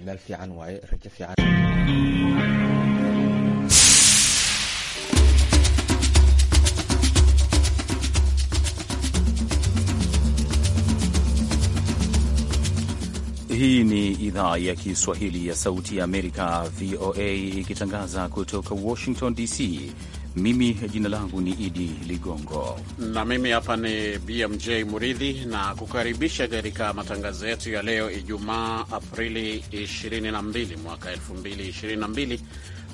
meel fiican waaye rajo fiican. Hii ni idhaa ya Kiswahili ya Sauti ya Amerika, VOA, ikitangaza kutoka Washington DC. Mimi jina langu ni Idi Ligongo na mimi hapa ni BMJ Muridhi na kukaribisha katika matangazo yetu ya leo Ijumaa Aprili 22 mwaka 2022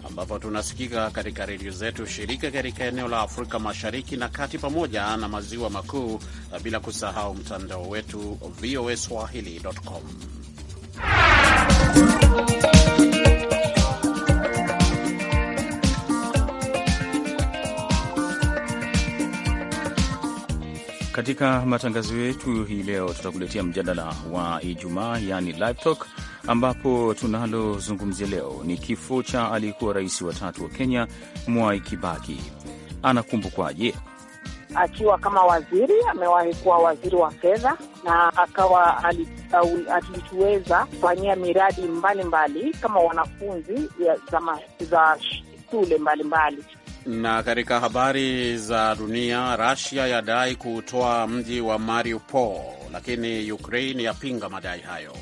ambapo tunasikika katika redio zetu shirika katika eneo la Afrika Mashariki na Kati pamoja na Maziwa Makuu, bila kusahau mtandao wetu VOA swahili.com Katika matangazo yetu hii leo tutakuletea mjadala wa Ijumaa, yani live talk, ambapo tunalozungumzia leo ni kifo cha aliyekuwa rais wa tatu wa Kenya, Mwai Kibaki. Anakumbukwaje? Akiwa kama waziri, amewahi kuwa waziri wa fedha na akawa alituweza kufanyia miradi mbalimbali mbali, kama wanafunzi za shule mbalimbali mbali. Na katika habari za dunia, Russia yadai kutoa mji wa Mariupol, lakini Ukraine yapinga madai hayo.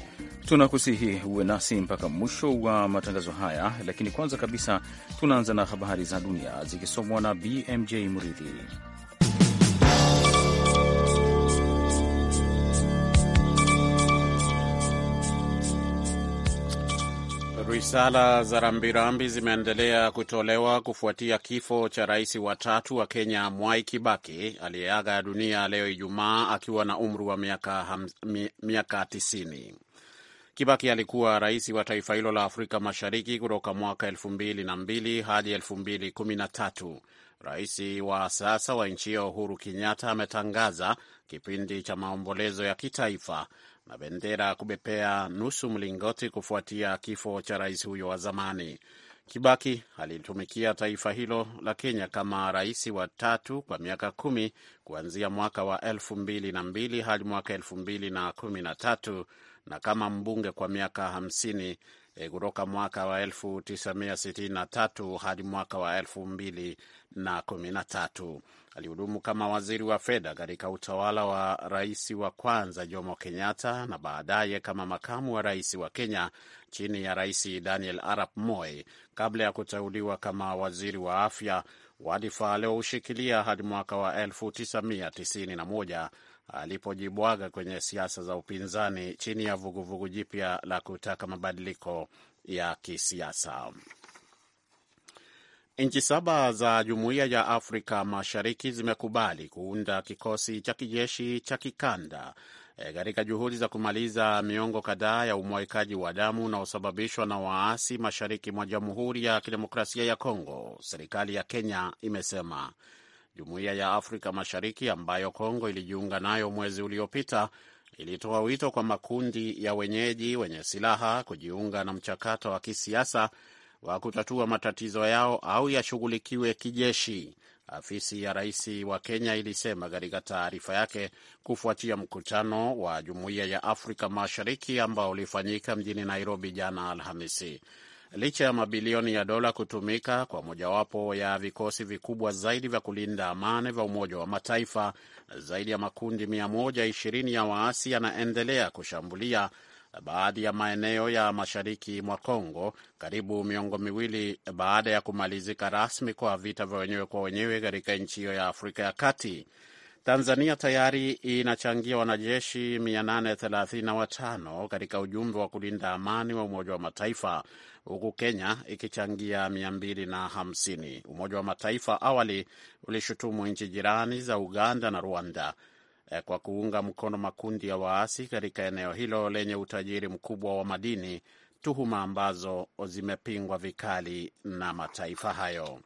Tunakusihi uwe nasi mpaka mwisho wa matangazo haya, lakini kwanza kabisa tunaanza na habari za dunia zikisomwa na BMJ Muridhi. Risala za rambirambi zimeendelea kutolewa kufuatia kifo cha rais wa tatu wa Kenya Mwai Kibaki aliyeaga dunia leo Ijumaa akiwa na umri wa miaka, miaka 90. Kibaki alikuwa rais wa taifa hilo la Afrika Mashariki kutoka mwaka 2002 hadi 2013. Rais wa sasa wa nchi hiyo Uhuru Kenyatta ametangaza kipindi cha maombolezo ya kitaifa na bendera kubepea nusu mlingoti kufuatia kifo cha rais huyo wa zamani. Kibaki alitumikia taifa hilo la Kenya kama rais wa tatu kwa miaka kumi kuanzia mwaka wa elfu mbili na mbili hadi mwaka elfu mbili na kumi na tatu na kama mbunge kwa miaka hamsini eh, kutoka mwaka wa elfu tisa mia sitini na tatu hadi mwaka wa elfu mbili na kumi na tatu. Alihudumu kama waziri wa fedha katika utawala wa rais wa kwanza Jomo Kenyatta na baadaye kama makamu wa rais wa Kenya chini ya Rais Daniel Arap Moi kabla ya kuteuliwa kama waziri wa afya, wadhifa aliohushikilia hadi mwaka wa 1991 alipojibwaga kwenye siasa za upinzani chini ya vuguvugu jipya la kutaka mabadiliko ya kisiasa. Nchi saba za Jumuiya ya Afrika Mashariki zimekubali kuunda kikosi cha kijeshi cha kikanda e, katika e, juhudi za kumaliza miongo kadhaa ya umwagikaji wa damu unaosababishwa na waasi mashariki mwa Jamhuri ya Kidemokrasia ya Kongo, serikali ya Kenya imesema. Jumuiya ya Afrika Mashariki ambayo Kongo ilijiunga nayo mwezi uliopita ilitoa wito kwa makundi ya wenyeji wenye silaha kujiunga na mchakato wa kisiasa wa kutatua matatizo yao au yashughulikiwe kijeshi, afisi ya rais wa Kenya ilisema katika taarifa yake kufuatia mkutano wa Jumuiya ya Afrika Mashariki ambao ulifanyika mjini Nairobi jana Alhamisi. Licha ya mabilioni ya dola kutumika kwa mojawapo ya vikosi vikubwa zaidi vya kulinda amani vya Umoja wa Mataifa, zaidi ya makundi 120 ya waasi yanaendelea kushambulia na baadhi ya maeneo ya mashariki mwa Kongo karibu miongo miwili baada ya kumalizika rasmi kwa vita vya wenyewe kwa wenyewe katika nchi hiyo ya Afrika ya Kati. Tanzania tayari inachangia wanajeshi 835 katika ujumbe wa kulinda amani wa Umoja wa Mataifa, huku Kenya ikichangia 250. Umoja wa Mataifa awali ulishutumu nchi jirani za Uganda na Rwanda Eh, kwa kuunga mkono makundi ya waasi katika eneo hilo lenye utajiri mkubwa wa madini, tuhuma ambazo zimepingwa vikali na mataifa hayo.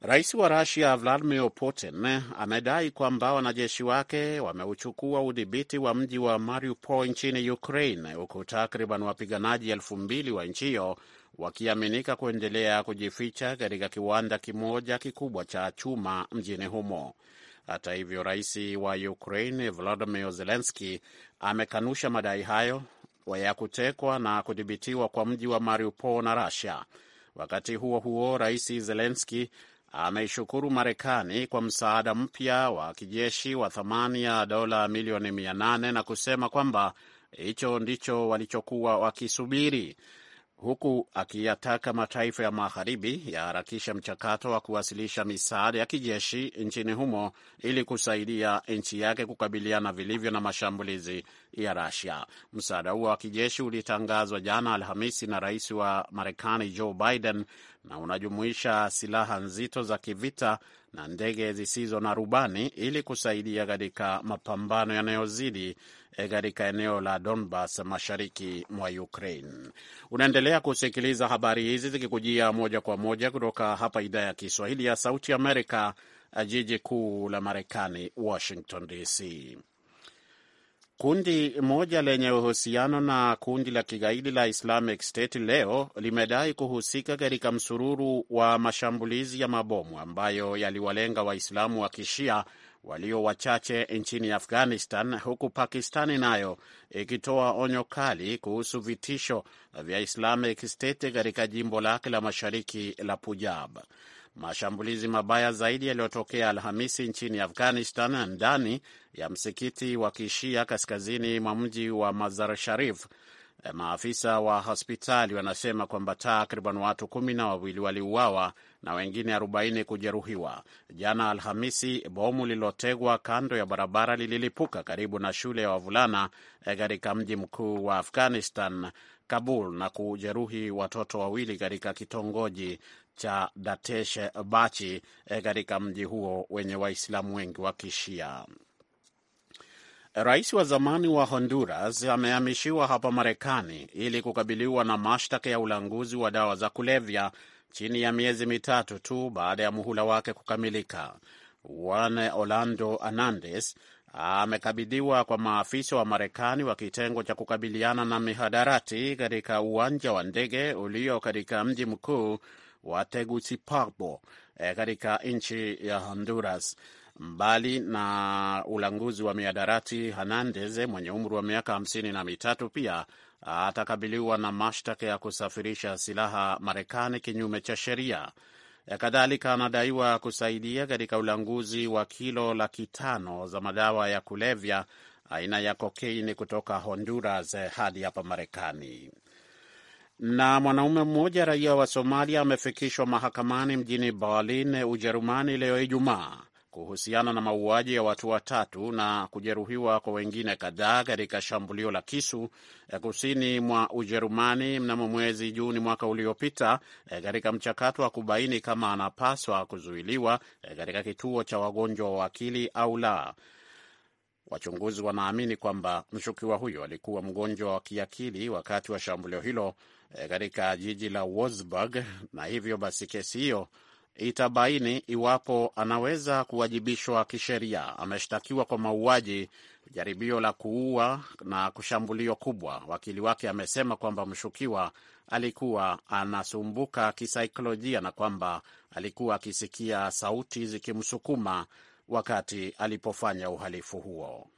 Rais wa Rusia Vladimir Putin amedai kwamba wanajeshi wake wameuchukua udhibiti wa mji wa Mariupol nchini Ukraine, huku takriban wapiganaji elfu mbili wa nchi hiyo wakiaminika kuendelea kujificha katika kiwanda kimoja kikubwa cha chuma mjini humo. Hata hivyo, rais wa Ukraine Volodymyr Zelensky amekanusha madai hayo ya kutekwa na kudhibitiwa kwa mji wa Mariupol na Russia. Wakati huo huo, rais Zelensky ameishukuru Marekani kwa msaada mpya wa kijeshi wa thamani ya dola milioni 800 na kusema kwamba hicho ndicho walichokuwa wakisubiri huku akiyataka mataifa ya magharibi yaharakisha mchakato wa kuwasilisha misaada ya kijeshi nchini humo ili kusaidia nchi yake kukabiliana vilivyo na mashambulizi ya rasia Msaada huo wa kijeshi ulitangazwa jana Alhamisi na rais wa Marekani Joe Biden na unajumuisha silaha nzito za kivita na ndege zisizo na rubani ili kusaidia katika mapambano yanayozidi e, katika eneo la Donbas mashariki mwa Ukraine. Unaendelea kusikiliza habari hizi zikikujia moja kwa moja kutoka hapa idhaa ya Kiswahili ya Sauti Amerika, jiji kuu la Marekani, Washington DC. Kundi moja lenye uhusiano na kundi la kigaidi la Islamic State leo limedai kuhusika katika msururu wa mashambulizi ya mabomu ambayo yaliwalenga Waislamu wa Kishia walio wachache nchini Afghanistan, huku Pakistani nayo ikitoa onyo kali kuhusu vitisho vya Islamic State katika jimbo lake la mashariki la Punjab. Mashambulizi mabaya zaidi yaliyotokea Alhamisi nchini Afghanistan ndani ya msikiti wa Kishia kaskazini mwa mji wa Mazar Sharif. Eh, maafisa wa hospitali wanasema kwamba takriban watu kumi na wawili waliuawa na wengine 40 kujeruhiwa. Jana Alhamisi, bomu lililotegwa kando ya barabara lililipuka karibu na shule ya wavulana eh, katika mji mkuu wa Afghanistan, Kabul, na kujeruhi watoto wawili katika kitongoji cha Datesh Bachi eh, katika mji huo wenye Waislamu wengi wa Kishia. Rais wa zamani wa Honduras amehamishiwa hapa Marekani ili kukabiliwa na mashtaka ya ulanguzi wa dawa za kulevya chini ya miezi mitatu tu baada ya muhula wake kukamilika. Juan Orlando Hernandez amekabidhiwa kwa maafisa wa Marekani wa kitengo cha kukabiliana na mihadarati katika uwanja wa ndege ulio katika mji mkuu wa Tegucigalpa e, eh, katika nchi ya Honduras. Mbali na ulanguzi wa miadarati, Hernandez mwenye umri wa miaka hamsini na mitatu pia atakabiliwa na mashtaka ya kusafirisha silaha Marekani kinyume cha sheria. Eh, kadhalika anadaiwa kusaidia katika ulanguzi wa kilo laki tano za madawa ya kulevya aina ya kokeini kutoka Honduras eh, hadi hapa Marekani. Na mwanaume mmoja raia wa Somalia amefikishwa mahakamani mjini Berlin, Ujerumani, leo Ijumaa kuhusiana na mauaji ya watu watatu na kujeruhiwa kwa wengine kadhaa katika shambulio la kisu eh, kusini mwa Ujerumani mnamo mwezi Juni mwaka uliopita eh, katika mchakato wa kubaini kama anapaswa kuzuiliwa eh, katika kituo cha wagonjwa wa akili au la. Wachunguzi wanaamini kwamba mshukiwa huyo alikuwa mgonjwa wa kiakili wakati wa shambulio hilo E, katika jiji la Wolfsburg, na hivyo basi kesi hiyo itabaini iwapo anaweza kuwajibishwa kisheria. Ameshtakiwa kwa mauaji, jaribio la kuua na kushambulio kubwa. Wakili wake amesema kwamba mshukiwa alikuwa anasumbuka kisaikolojia na kwamba alikuwa akisikia sauti zikimsukuma wakati alipofanya uhalifu huo.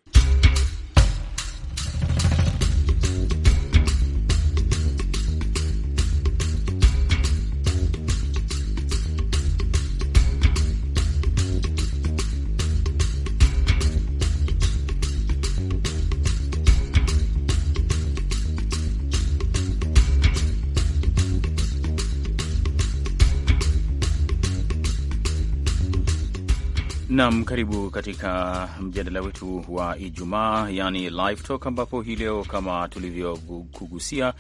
Nam, karibu katika mjadala wetu wa Ijumaa yani live talk, ambapo hii leo kama tulivyokugusia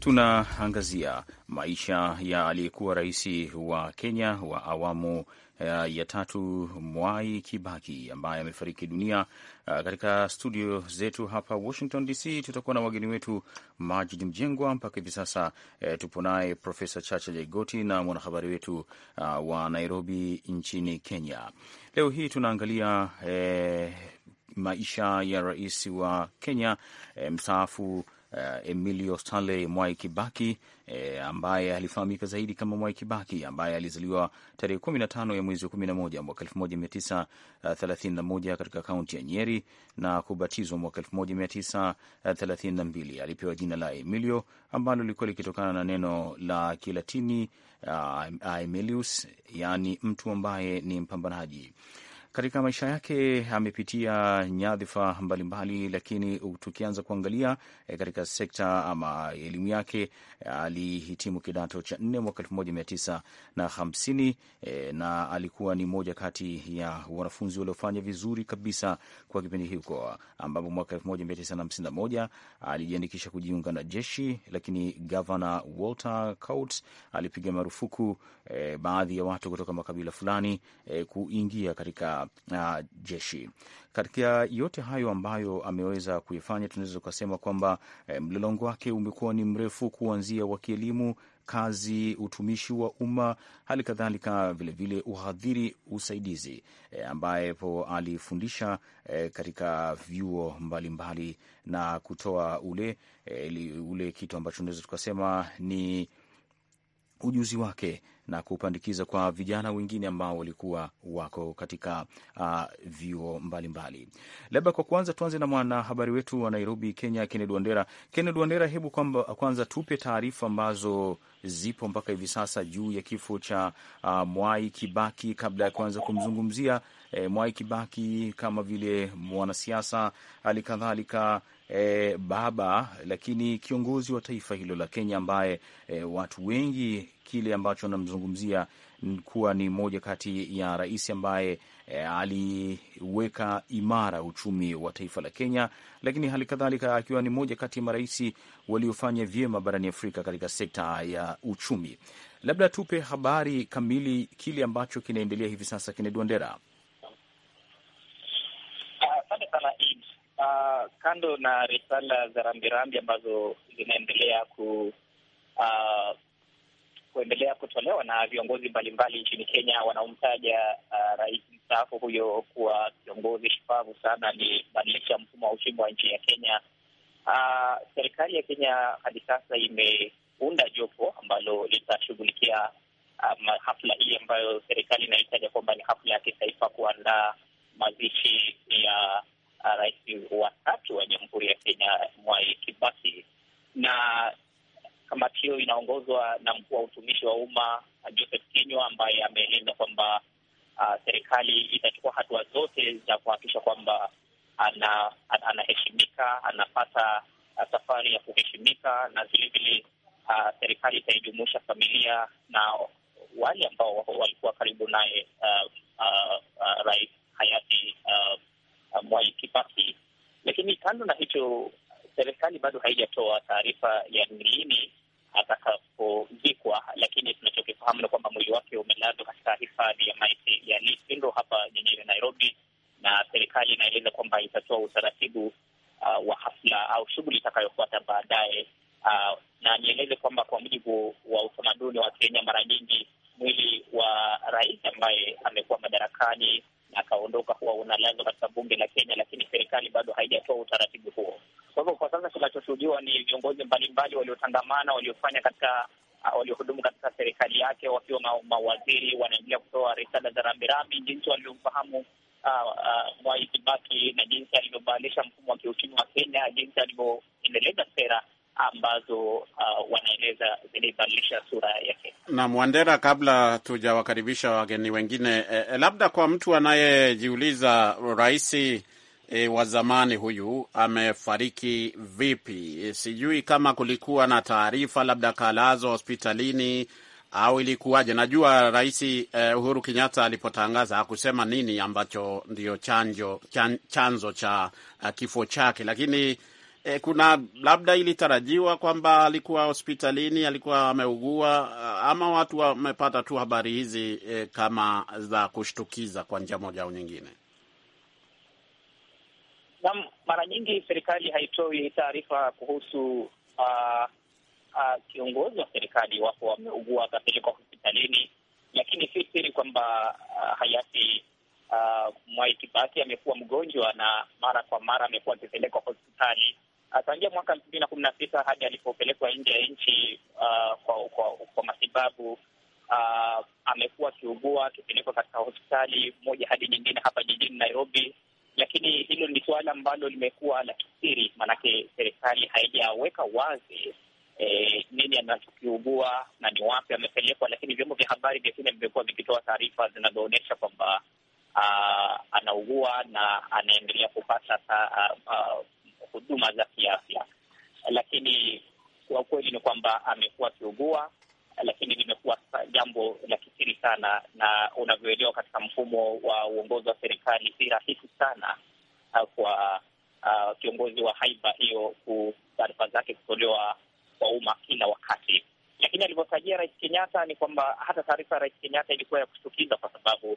tunaangazia maisha ya aliyekuwa rais wa Kenya wa awamu Eh, ya tatu Mwai Kibaki ambaye amefariki dunia. Eh, katika studio zetu hapa Washington DC tutakuwa na wageni wetu Majid Mjengwa. Mpaka hivi sasa e, tupo naye Profesa Chacha Jaigoti na mwanahabari wetu wa Nairobi nchini Kenya. Leo hii tunaangalia e, maisha ya rais wa Kenya e, mstaafu uh, Emilio Stanley Mwai Kibaki e, ambaye alifahamika zaidi kama Mwai Kibaki ambaye alizaliwa tarehe 15 ya mwezi wa 11 mwaka 1931 eh, katika kaunti ya Nyeri na kubatizwa mwaka 1932. Alipewa jina la Emilio ambalo lilikuwa likitokana na neno la Kilatini uh, Aemilius, yaani mtu ambaye ni mpambanaji. Katika maisha yake amepitia nyadhifa mbalimbali, lakini tukianza kuangalia e, katika sekta ama elimu yake alihitimu kidato cha nne mwaka elfu moja mia tisa na hamsini e, na alikuwa ni moja kati ya wanafunzi waliofanya vizuri kabisa kwa kipindi hiko, ambapo mwaka elfu moja mia tisa na hamsini na moja alijiandikisha kujiunga na jeshi, lakini gavana Walter Cout alipiga marufuku e, baadhi ya watu kutoka makabila fulani e, kuingia katika uh, jeshi. Katika yote hayo ambayo ameweza kuifanya, tunaweza tukasema kwamba eh, mlolongo wake umekuwa ni mrefu, kuanzia wa kielimu kazi, utumishi wa umma, hali kadhalika vilevile uhadhiri usaidizi e, eh, ambapo alifundisha e, katika vyuo mbalimbali na kutoa ule, e, ule kitu ambacho unaweza tukasema ni ujuzi wake na kupandikiza kwa vijana wengine ambao walikuwa wako katika uh, vyuo mbalimbali. Labda kwa kwanza tuanze na mwanahabari wetu wa Nairobi, Kenya, Kennedy Wandera. Kennedy Wandera, hebu kwamba uh, kwanza tupe taarifa ambazo zipo mpaka hivi sasa juu ya kifo cha uh, Mwai Kibaki kabla ya kuanza kumzungumzia eh, Mwai Kibaki kama vile mwanasiasa, hali kadhalika E, baba, lakini kiongozi wa taifa hilo la Kenya ambaye e, watu wengi kile ambacho namzungumzia kuwa ni moja kati ya rais ambaye e, aliweka imara uchumi wa taifa la Kenya, lakini hali kadhalika akiwa ni moja kati ya marais waliofanya vyema barani Afrika katika sekta ya uchumi. Labda tupe habari kamili kile ambacho kinaendelea hivi sasa. Kennedy Wandera. Asante sana Uh, kando na risala za rambirambi ambazo zinaendelea ku uh, kuendelea kutolewa na viongozi mbalimbali nchini Kenya wanaomtaja uh, rais mstaafu huyo kuwa kiongozi shupavu sana, alibadilisha mfumo wa uchumi wa nchi ya Kenya. Uh, serikali ya Kenya hadi sasa imeunda jopo ambalo litashughulikia um, hafla hii ambayo serikali inaitaja kwamba ni hafla ya kitaifa kuandaa mazishi ya uh, rais wa tatu wa Jamhuri ya Kenya Mwai Kibaki na Kamati hiyo inaongozwa na mkuu wa utumishi wa umma uh, Joseph Kinywa, ambaye ameeleza kwamba uh, serikali itachukua hatua zote za kuhakikisha kwamba anaheshimika, ana anapata uh, safari ya kuheshimika, na vilevile uh, serikali itaijumuisha familia na wale ambao walikuwa karibu naye uh, uh, uh, rais hayati uh, uh, Mwai Kibaki. Lakini kando na hicho, serikali bado haijatoa taarifa ya ni lini atakapozikwa, lakini tunachokifahamu ni kwamba mwili wake umelazwa katika hifadhi ya maiti ya Lisindo hapa jijini Nairobi, na serikali inaeleza kwamba itatoa utaratibu uh, wa hafla au shughuli itakayofuata baadaye. Uh, na nieleze kwamba kwa mujibu wa utamaduni wa Kenya, mara nyingi mwili wa rais ambaye amekuwa madarakani na akaondoka huwa unalazwa katika bunge la Kenya, lakini serikali bado haijatoa utaratibu huo. Kwa hivyo kwa sasa kinachoshuhudiwa ni viongozi mbalimbali waliotangamana, waliofanya katika uh, waliohudumu katika serikali yake wakiwa ma, mawaziri, wanaendelea kutoa risala za rambirambi jinsi walivyomfahamu uh, uh, Mwai Kibaki na jinsi alivyobadilisha mfumo wa kiuchumi wa Kenya, jinsi alivyoendeleza sera ambazo uh, wanaeleza zilibadilisha sura Kenya. Na Mwandera, kabla tujawakaribisha wageni wengine eh, eh labda kwa mtu anayejiuliza rahisi e, wa zamani huyu amefariki vipi? E, sijui kama kulikuwa na taarifa labda kalazwa hospitalini au ilikuwaje? Najua Rais e, Uhuru Kenyatta alipotangaza hakusema nini ambacho ndio chanjo, chan, chanzo cha uh, kifo chake, lakini eh, kuna labda ilitarajiwa kwamba alikuwa hospitalini, alikuwa ameugua, ama watu wamepata tu habari hizi eh, kama za kushtukiza kwa njia moja au nyingine na mara nyingi serikali haitoi taarifa kuhusu uh, uh, kiongozi wa serikali wapo wameugua akapelekwa hospitalini, lakini si siri kwamba uh, hayati uh, Mwai Kibaki amekuwa mgonjwa na mara kwa mara amekuwa akipelekwa hospitali tangia mwaka elfu mbili na kumi na tisa hadi alipopelekwa nje ya nchi uh, kwa, kwa, kwa matibabu uh, amekuwa akiugua akipelekwa katika hospitali moja hadi nyingine hapa jijini Nairobi lakini hilo ni suala ambalo limekuwa la kisiri, maanake serikali haijaweka wazi e, nini anachokiugua na ni wapi amepelekwa, lakini vyombo vya habari vya Kenya vimekuwa vikitoa taarifa zinazoonyesha kwamba ah, anaugua na anaendelea kupata ah, ah, huduma za kiafya, lakini kwa ukweli ni kwamba amekuwa akiugua lakini limekuwa jambo la kisiri sana, na unavyoelewa katika mfumo wa uongozi wa serikali si rahisi sana uh, kwa uh, kiongozi wa haiba hiyo ku taarifa zake kutolewa kwa umma kila wakati. Lakini alivyotajia Rais Kenyatta ni kwamba hata taarifa ya Rais Kenyatta ilikuwa ya kushtukiza kwa sababu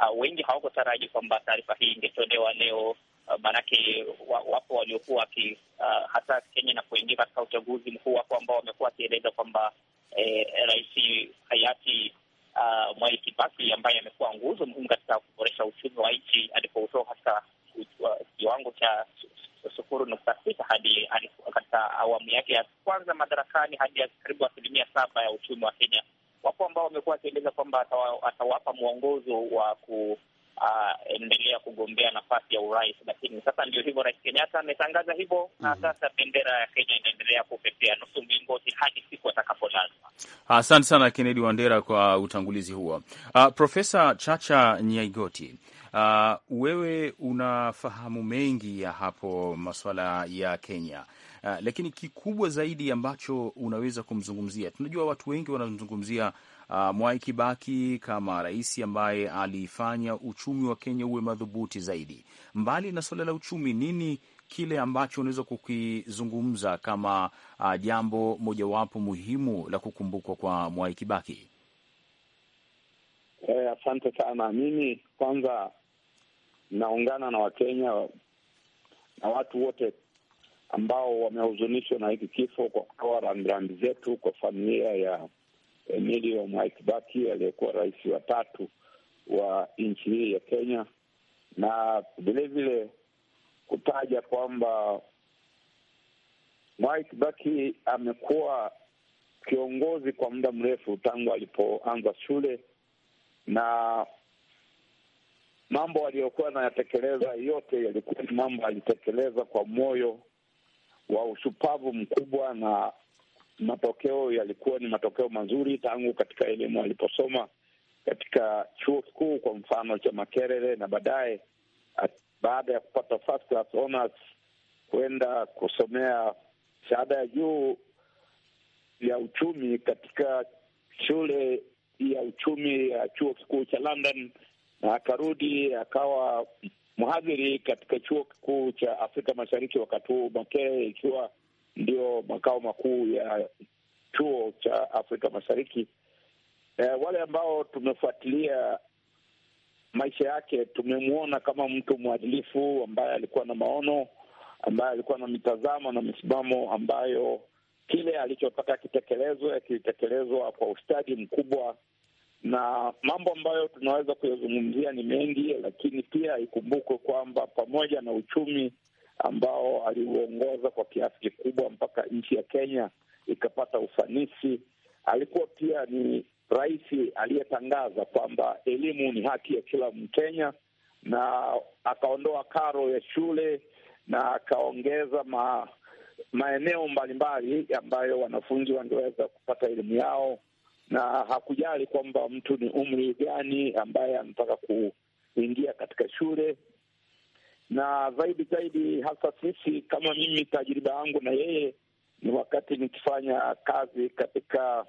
uh, wengi hawakotaraji kwamba taarifa hii ingetolewa leo Eh, maanake wapo waliokuwa waki uh, hata Kenya na kuingia katika uchaguzi mkuu, wapo ambao wamekuwa wakieleza kwamba eh, rais hayati uh, Mwai Kibaki ambaye amekuwa nguzo muhimu katika kuboresha uchumi wa nchi alipoutoa katika kiwango cha sufuru nukta sita hadi katika awamu yake ya kwanza madarakani hadi karibu asilimia saba ya uchumi wa Kenya. Wapo ambao wamekuwa wakieleza kwamba atawapa mwongozo wa ku aendelea uh, kugombea nafasi ya urais. Lakini sasa ndio hivyo, Rais Kenyatta ametangaza hivyo, na mm-hmm. sasa bendera ya Kenya inaendelea kupepea nusu mlingoti hadi siku atakapolazwa. Asante sana Kennedy Wandera kwa utangulizi huo. Uh, Profesa Chacha Nyaigoti, uh, wewe unafahamu mengi ya hapo masuala ya Kenya. Uh, lakini kikubwa zaidi ambacho unaweza kumzungumzia, tunajua watu wengi wanamzungumzia Ah, Mwai Kibaki kama rais ambaye alifanya uchumi wa Kenya uwe madhubuti zaidi. Mbali na suala la uchumi, nini kile ambacho unaweza kukizungumza kama uh, jambo mojawapo muhimu la kukumbukwa kwa Mwai Kibaki? Eh, asante sana. Mimi kwanza naungana na Wakenya na watu wote ambao wamehuzunishwa na hiki kifo kwa kutoa rambirambi zetu kwa familia ya mwili wa Mwai Kibaki aliyekuwa rais wa tatu wa nchi hii ya Kenya, na vilevile kutaja kwamba Mwai Kibaki amekuwa kiongozi kwa muda mrefu tangu alipoanza shule na mambo aliyokuwa anayatekeleza yote yalikuwa ni mambo alitekeleza kwa moyo wa ushupavu mkubwa na mapokeo yalikuwa ni matokeo mazuri tangu katika elimu aliposoma katika chuo kikuu kwa mfano cha Makerere, na baadaye baada ya kupata first class honors kwenda kusomea shahada ya juu ya uchumi katika shule ya uchumi ya chuo kikuu cha London, na akarudi akawa mhadhiri katika chuo kikuu cha Afrika Mashariki, wakati huu Makerere ikiwa ndio makao makuu ya chuo cha Afrika Mashariki. E, wale ambao tumefuatilia maisha yake tumemwona kama mtu mwadilifu ambaye alikuwa na maono, ambaye alikuwa na mitazamo na misimamo ambayo kile alichotaka kitekelezwe kilitekelezwa kwa ustadi mkubwa, na mambo ambayo tunaweza kuyazungumzia ni mengi, lakini pia ikumbukwe kwamba pamoja na uchumi ambao aliuongoza kwa kiasi kikubwa mpaka nchi ya Kenya ikapata ufanisi. Alikuwa pia ni rais aliyetangaza kwamba elimu ni haki ya kila Mkenya, na akaondoa karo ya shule na akaongeza ma, maeneo mbalimbali ambayo wanafunzi wangeweza kupata elimu yao, na hakujali kwamba mtu ni umri gani ambaye anataka kuingia katika shule na zaidi zaidi, hasa sisi kama mimi, tajriba yangu na yeye ni wakati nikifanya kazi katika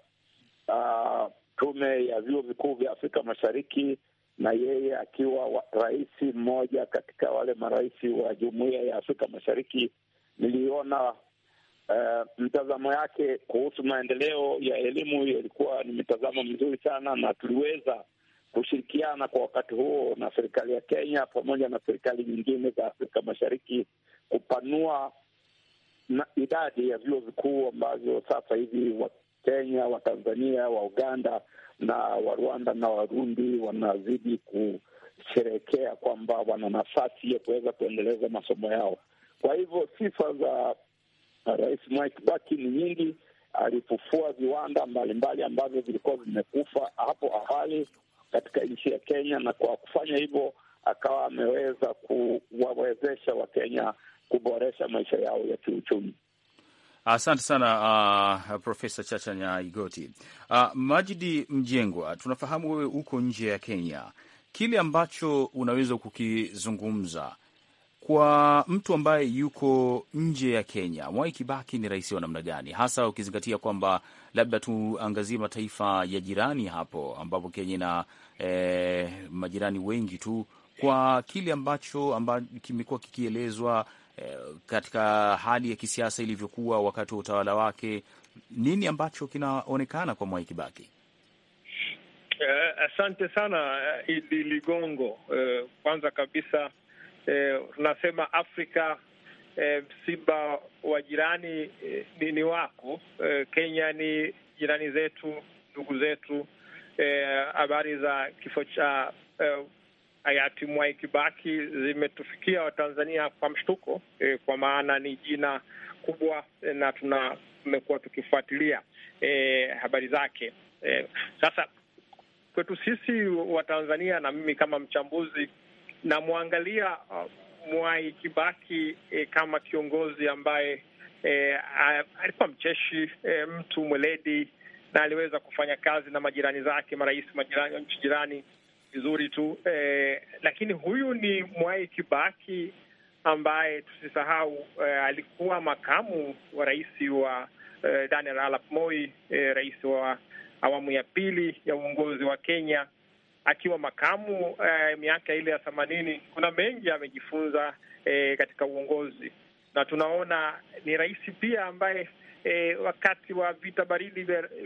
uh, tume ya vyuo vikuu vya Afrika Mashariki na yeye akiwa rais mmoja katika wale marais wa jumuiya ya Afrika Mashariki. Niliona uh, mtazamo yake kuhusu maendeleo ya elimu ilikuwa ni mitazamo mizuri sana, na tuliweza kushirikiana kwa wakati huo na serikali ya Kenya pamoja na serikali nyingine za Afrika Mashariki kupanua na idadi ya vyuo vikuu ambavyo sasa hivi Wakenya, Watanzania, wa Uganda na wa Rwanda na Warundi wanazidi kusherehekea kwamba wana nafasi ya kuweza kuendeleza masomo yao. Kwa hivyo sifa za Rais Mwai Kibaki ni nyingi. Alifufua viwanda mbalimbali ambavyo vilikuwa vimekufa hapo awali katika nchi ya Kenya, na kwa kufanya hivyo akawa ameweza kuwawezesha Wakenya kuboresha maisha yao ya kiuchumi. Asante sana uh, Profesa Chacha Nyaigoti. Uh, Majidi Mjengwa, tunafahamu wewe uko nje ya Kenya, kile ambacho unaweza kukizungumza kwa mtu ambaye yuko nje ya Kenya, Mwai Kibaki ni rais wa namna gani, hasa ukizingatia kwamba labda tuangazie mataifa ya jirani hapo, ambapo Kenya ina eh, majirani wengi tu, kwa kile ambacho amba, kimekuwa kikielezwa eh, katika hali ya kisiasa ilivyokuwa wakati wa utawala wake, nini ambacho kinaonekana kwa Mwai Kibaki? Uh, asante sana eh, Idi Ligongo. Uh, kwanza kabisa Eh, tunasema Afrika eh, wa jirani eh, ni, ni wako eh, Kenya ni jirani zetu, ndugu zetu. Eh, habari eh, za kifo cha eh, hayati Mwai Kibaki zimetufikia Watanzania kwa mshtuko eh, kwa maana ni jina kubwa eh, na tuna tumekuwa tukifuatilia eh, habari zake eh, sasa kwetu sisi Watanzania na mimi kama mchambuzi namwangalia uh, Mwai Kibaki eh, kama kiongozi ambaye eh, alikuwa mcheshi eh, mtu mweledi na aliweza kufanya kazi na majirani zake marais majirani wa nchi jirani vizuri tu eh, lakini huyu ni Mwai Kibaki ambaye tusisahau, eh, alikuwa makamu wa rais wa eh, Daniel Arap Moi eh, rais wa awamu ya pili ya uongozi wa Kenya akiwa makamu eh, miaka ile ya themanini, kuna mengi amejifunza eh, katika uongozi, na tunaona ni rais pia ambaye eh, wakati wa vita baridi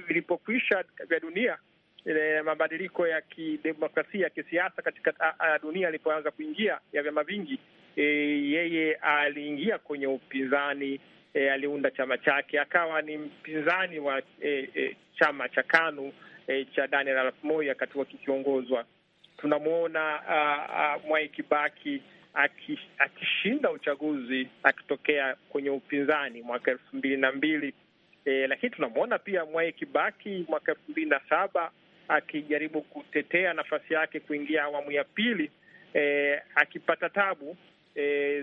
vilipokwisha vya dunia eh, mabadiliko ya kidemokrasia ya kisiasa katika dunia alipoanza kuingia ya vyama vingi, e, yeye aliingia kwenye upinzani e, aliunda chama chake akawa ni mpinzani wa e, e, chama cha KANU e, cha Daniel Arap Moi wakati kikiongozwa. Tunamwona uh, ah, uh, ah, Mwai Kibaki akishinda uchaguzi akitokea kwenye upinzani mwaka elfu mbili na mbili e, lakini tunamwona pia Mwai Kibaki mwaka elfu mbili na saba akijaribu kutetea nafasi yake kuingia awamu ya pili e, akipata tabu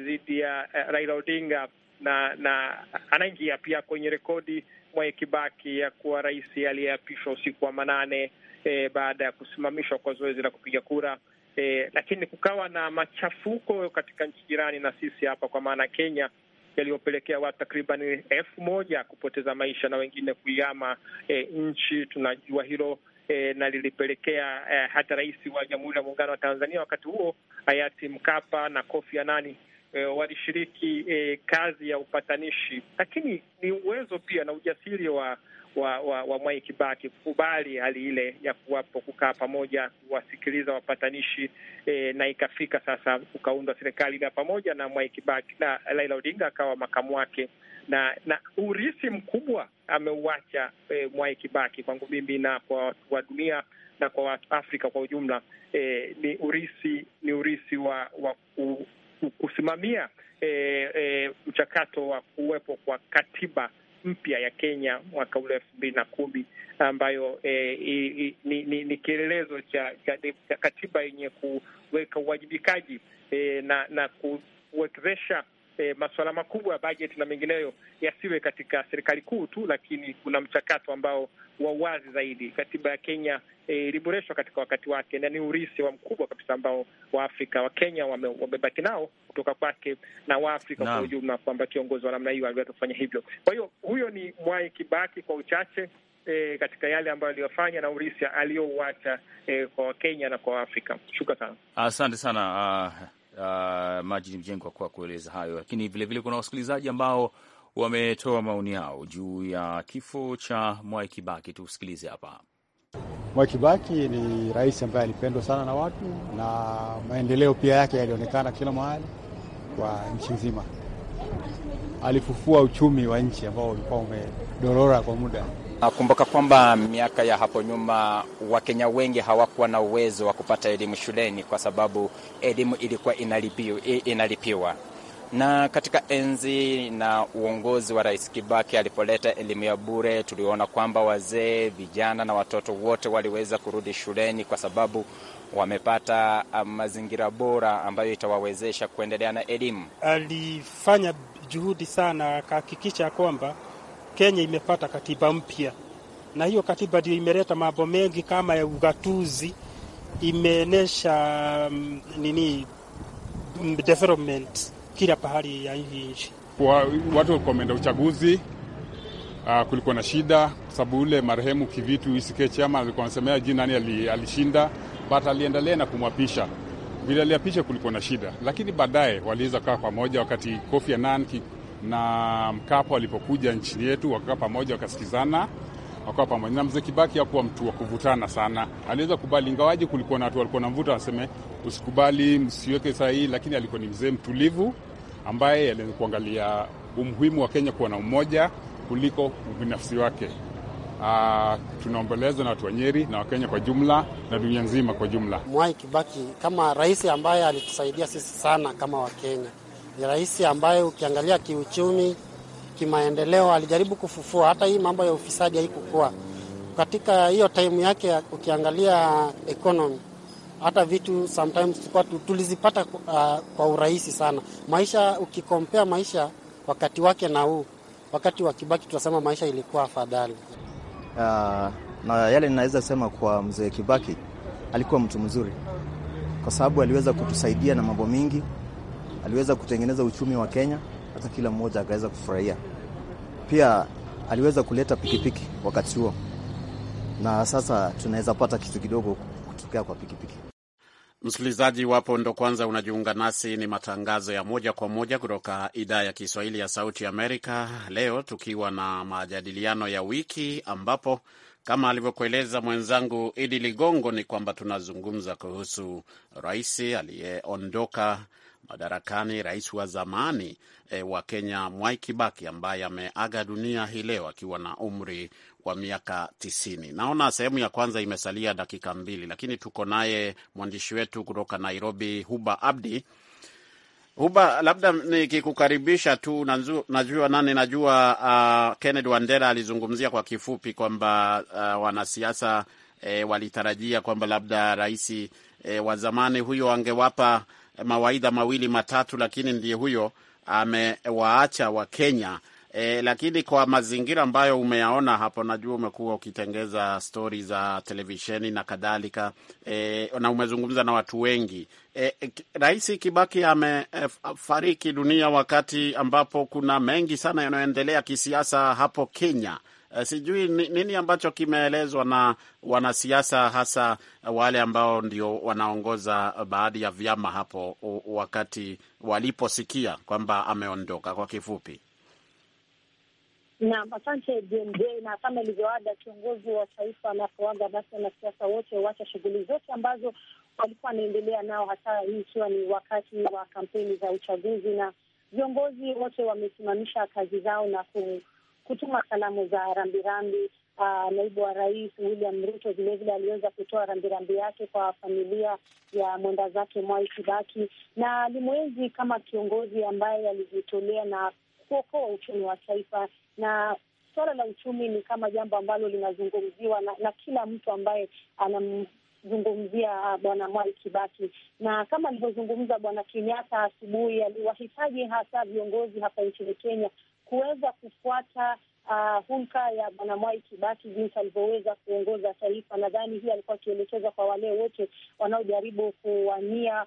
dhidi e, ya Raila Odinga na na anaingia pia kwenye rekodi Mwai Kibaki ya kuwa rais aliyeapishwa usiku wa manane e, baada ya kusimamishwa kwa zoezi la kupiga kura e, lakini kukawa na machafuko katika nchi jirani na sisi hapa, kwa maana Kenya, yaliyopelekea watu takriban elfu moja kupoteza maisha na wengine kuiama e, nchi. Tunajua hilo. E, na lilipelekea e, hata rais wa Jamhuri ya Muungano wa Tanzania wakati huo hayati Mkapa na Kofi Anani e, walishiriki e, kazi ya upatanishi, lakini ni uwezo pia na ujasiri wa wa, wa, wa Mwai Kibaki kukubali hali ile ya kuwapo kukaa pamoja kuwasikiliza wapatanishi e, na ikafika sasa ukaundwa serikali na pamoja na Mwai Kibaki na Raila Odinga akawa makamu wake, na na urithi mkubwa ameuacha e, Mwai Kibaki kwangu mimi na kwa watu wa dunia na kwa Afrika kwa ujumla. E, ni urithi ni urithi wa, wa kusimamia e, e, mchakato wa kuwepo kwa katiba mpya ya Kenya mwaka ule elfu mbili na kumi ambayo e, i, ni, ni, ni kielelezo cha, cha, cha katiba yenye kuweka uwajibikaji e, na na kuwekezesha e, masuala makubwa ya bajeti na mengineyo yasiwe katika serikali kuu tu, lakini kuna mchakato ambao wa uwazi zaidi. Katiba ya Kenya Eh, iliboreshwa katika wakati wake, na ni urithi wa mkubwa kabisa ambao Waafrika Wakenya wamebaki nao kutoka kwake na Waafrika kwa ujumla, kwamba kiongozi wa namna hiyo aliweza kufanya hivyo. Kwa hiyo huyo ni Mwai Kibaki kwa uchache. E, katika yale ambayo aliyofanya na urisi aliyouacha e, kwa Wakenya na kwa Waafrika. Shuka sana, asante sana uh, uh, Majini Mjengwa kwa kueleza hayo, lakini vilevile kuna wasikilizaji ambao wametoa maoni yao juu ya kifo cha Mwai Kibaki. Tusikilize hapa. Mwai Kibaki ni rais ambaye alipendwa sana na watu na maendeleo pia yake yalionekana kila mahali kwa nchi nzima. Alifufua uchumi wa nchi ambao ulikuwa umedorora kwa muda. Nakumbuka kwamba miaka ya hapo nyuma Wakenya wengi hawakuwa na uwezo wa kupata elimu shuleni kwa sababu elimu ilikuwa inalipiwa na katika enzi na uongozi wa Rais Kibaki alipoleta elimu ya bure, tuliona kwamba wazee, vijana na watoto wote waliweza kurudi shuleni kwa sababu wamepata ah, mazingira bora ambayo itawawezesha kuendelea na elimu. Alifanya juhudi sana, akahakikisha kwamba Kenya imepata katiba mpya, na hiyo katiba ndio imeleta mambo mengi kama ya ugatuzi, imeonyesha mm, nini development kila pahali ya hii nchi. Kwa Watu walikuwa wameenda uchaguzi, uh, kulikuwa na shida kwa sababu yule marehemu Kivitu Isike Chama alikuwa anasemea jina nani alishinda, but aliendelea na kumwapisha vile aliapisha, kulikuwa na shida, lakini baadaye waliweza kaa pamoja wakati Kofi Annan na Mkapa walipokuja nchini yetu, wakakaa pamoja, wakasikizana wakawa pamoja. Na mzee Kibaki hakuwa mtu wa kuvutana sana, aliweza kubali, ingawaji kulikuwa na watu walikuwa na mvuta, waseme usikubali, msiweke sahihi, lakini alikuwa ni mzee mtulivu ambaye yaliweza kuangalia umuhimu wa Kenya kuwa na umoja kuliko ubinafsi wake. Uh, tunaomboleza na watu wa Nyeri na Wakenya kwa jumla na dunia nzima kwa jumla. Mwai Kibaki kama rais ambaye alitusaidia sisi sana kama Wakenya, ni rais ambaye ukiangalia kiuchumi, kimaendeleo alijaribu kufufua. Hata hii mambo ya ufisadi haikukua katika hiyo taimu yake. Ukiangalia ekonomi hata vitu sometimes tulizipata uh, kwa urahisi sana. Maisha ukikompea maisha wakati wake na huu wakati wa Kibaki, tunasema maisha ilikuwa afadhali. Uh, na yale ninaweza sema kwa mzee Kibaki, alikuwa mtu mzuri kwa sababu aliweza kutusaidia na mambo mingi, aliweza kutengeneza uchumi wa Kenya, hata kila mmoja akaweza kufurahia. Pia aliweza kuleta pikipiki wakati huo, na sasa tunaweza pata kitu kidogo kutokea kwa pikipiki. Msikilizaji, iwapo ndo kwanza unajiunga nasi, ni matangazo ya moja kwa moja kutoka idhaa ya Kiswahili ya Sauti Amerika, leo tukiwa na majadiliano ya wiki, ambapo kama alivyokueleza mwenzangu Idi Ligongo ni kwamba tunazungumza kuhusu rais aliyeondoka madarakani rais wa zamani e, wa Kenya Mwai Kibaki ambaye ameaga dunia hii leo akiwa na umri wa miaka tisini. Naona sehemu ya kwanza imesalia dakika mbili, lakini tuko naye mwandishi wetu kutoka Nairobi, Huba Abdi. Huba, labda nikikukaribisha tu najua, najua nani najua uh, Kennedy Wandera alizungumzia kwa kifupi kwamba uh, wanasiasa E, walitarajia kwamba labda rais e, wa zamani huyo angewapa mawaidha mawili matatu, lakini ndiye huyo amewaacha Wakenya. E, lakini kwa mazingira ambayo umeyaona hapo, najua umekuwa ukitengeza stori za televisheni na kadhalika, e, na umezungumza na watu wengi e, Rais Kibaki amefariki dunia wakati ambapo kuna mengi sana yanayoendelea kisiasa hapo Kenya. Eh, sijui nini ambacho kimeelezwa na wanasiasa, hasa wale ambao ndio wanaongoza baadhi ya vyama hapo, wakati waliposikia kwamba ameondoka. Kwa kifupi Naam, asante BMJ. Na kama ilivyoada, kiongozi wa taifa anapoaga, basi wanasiasa wote huacha shughuli zote ambazo walikuwa wanaendelea nao, hata hii ikiwa ni wakati wa kampeni za uchaguzi, na viongozi wote wamesimamisha kazi zao na ku kutuma kalamu za rambirambi. Uh, naibu wa rais William Ruto vilevile aliweza kutoa rambirambi yake kwa familia ya mwenda zake Mwai Kibaki, na mwezi kama kiongozi ambaye alijitolea na kuokoa uchumi wa taifa na suala la uchumi ni kama jambo ambalo linazungumziwa na, na kila mtu ambaye anamzungumzia ah, bwana Mwai Kibaki, na kama alivyozungumza bwana Kenyatta asubuhi, aliwahitaji hasa viongozi hapa nchini Kenya kuweza kufuata uh, hulka ya bwana Mwai Kibaki jinsi alivyoweza kuongoza taifa. Nadhani hii alikuwa akielekeza kwa wale wote wanaojaribu kuwania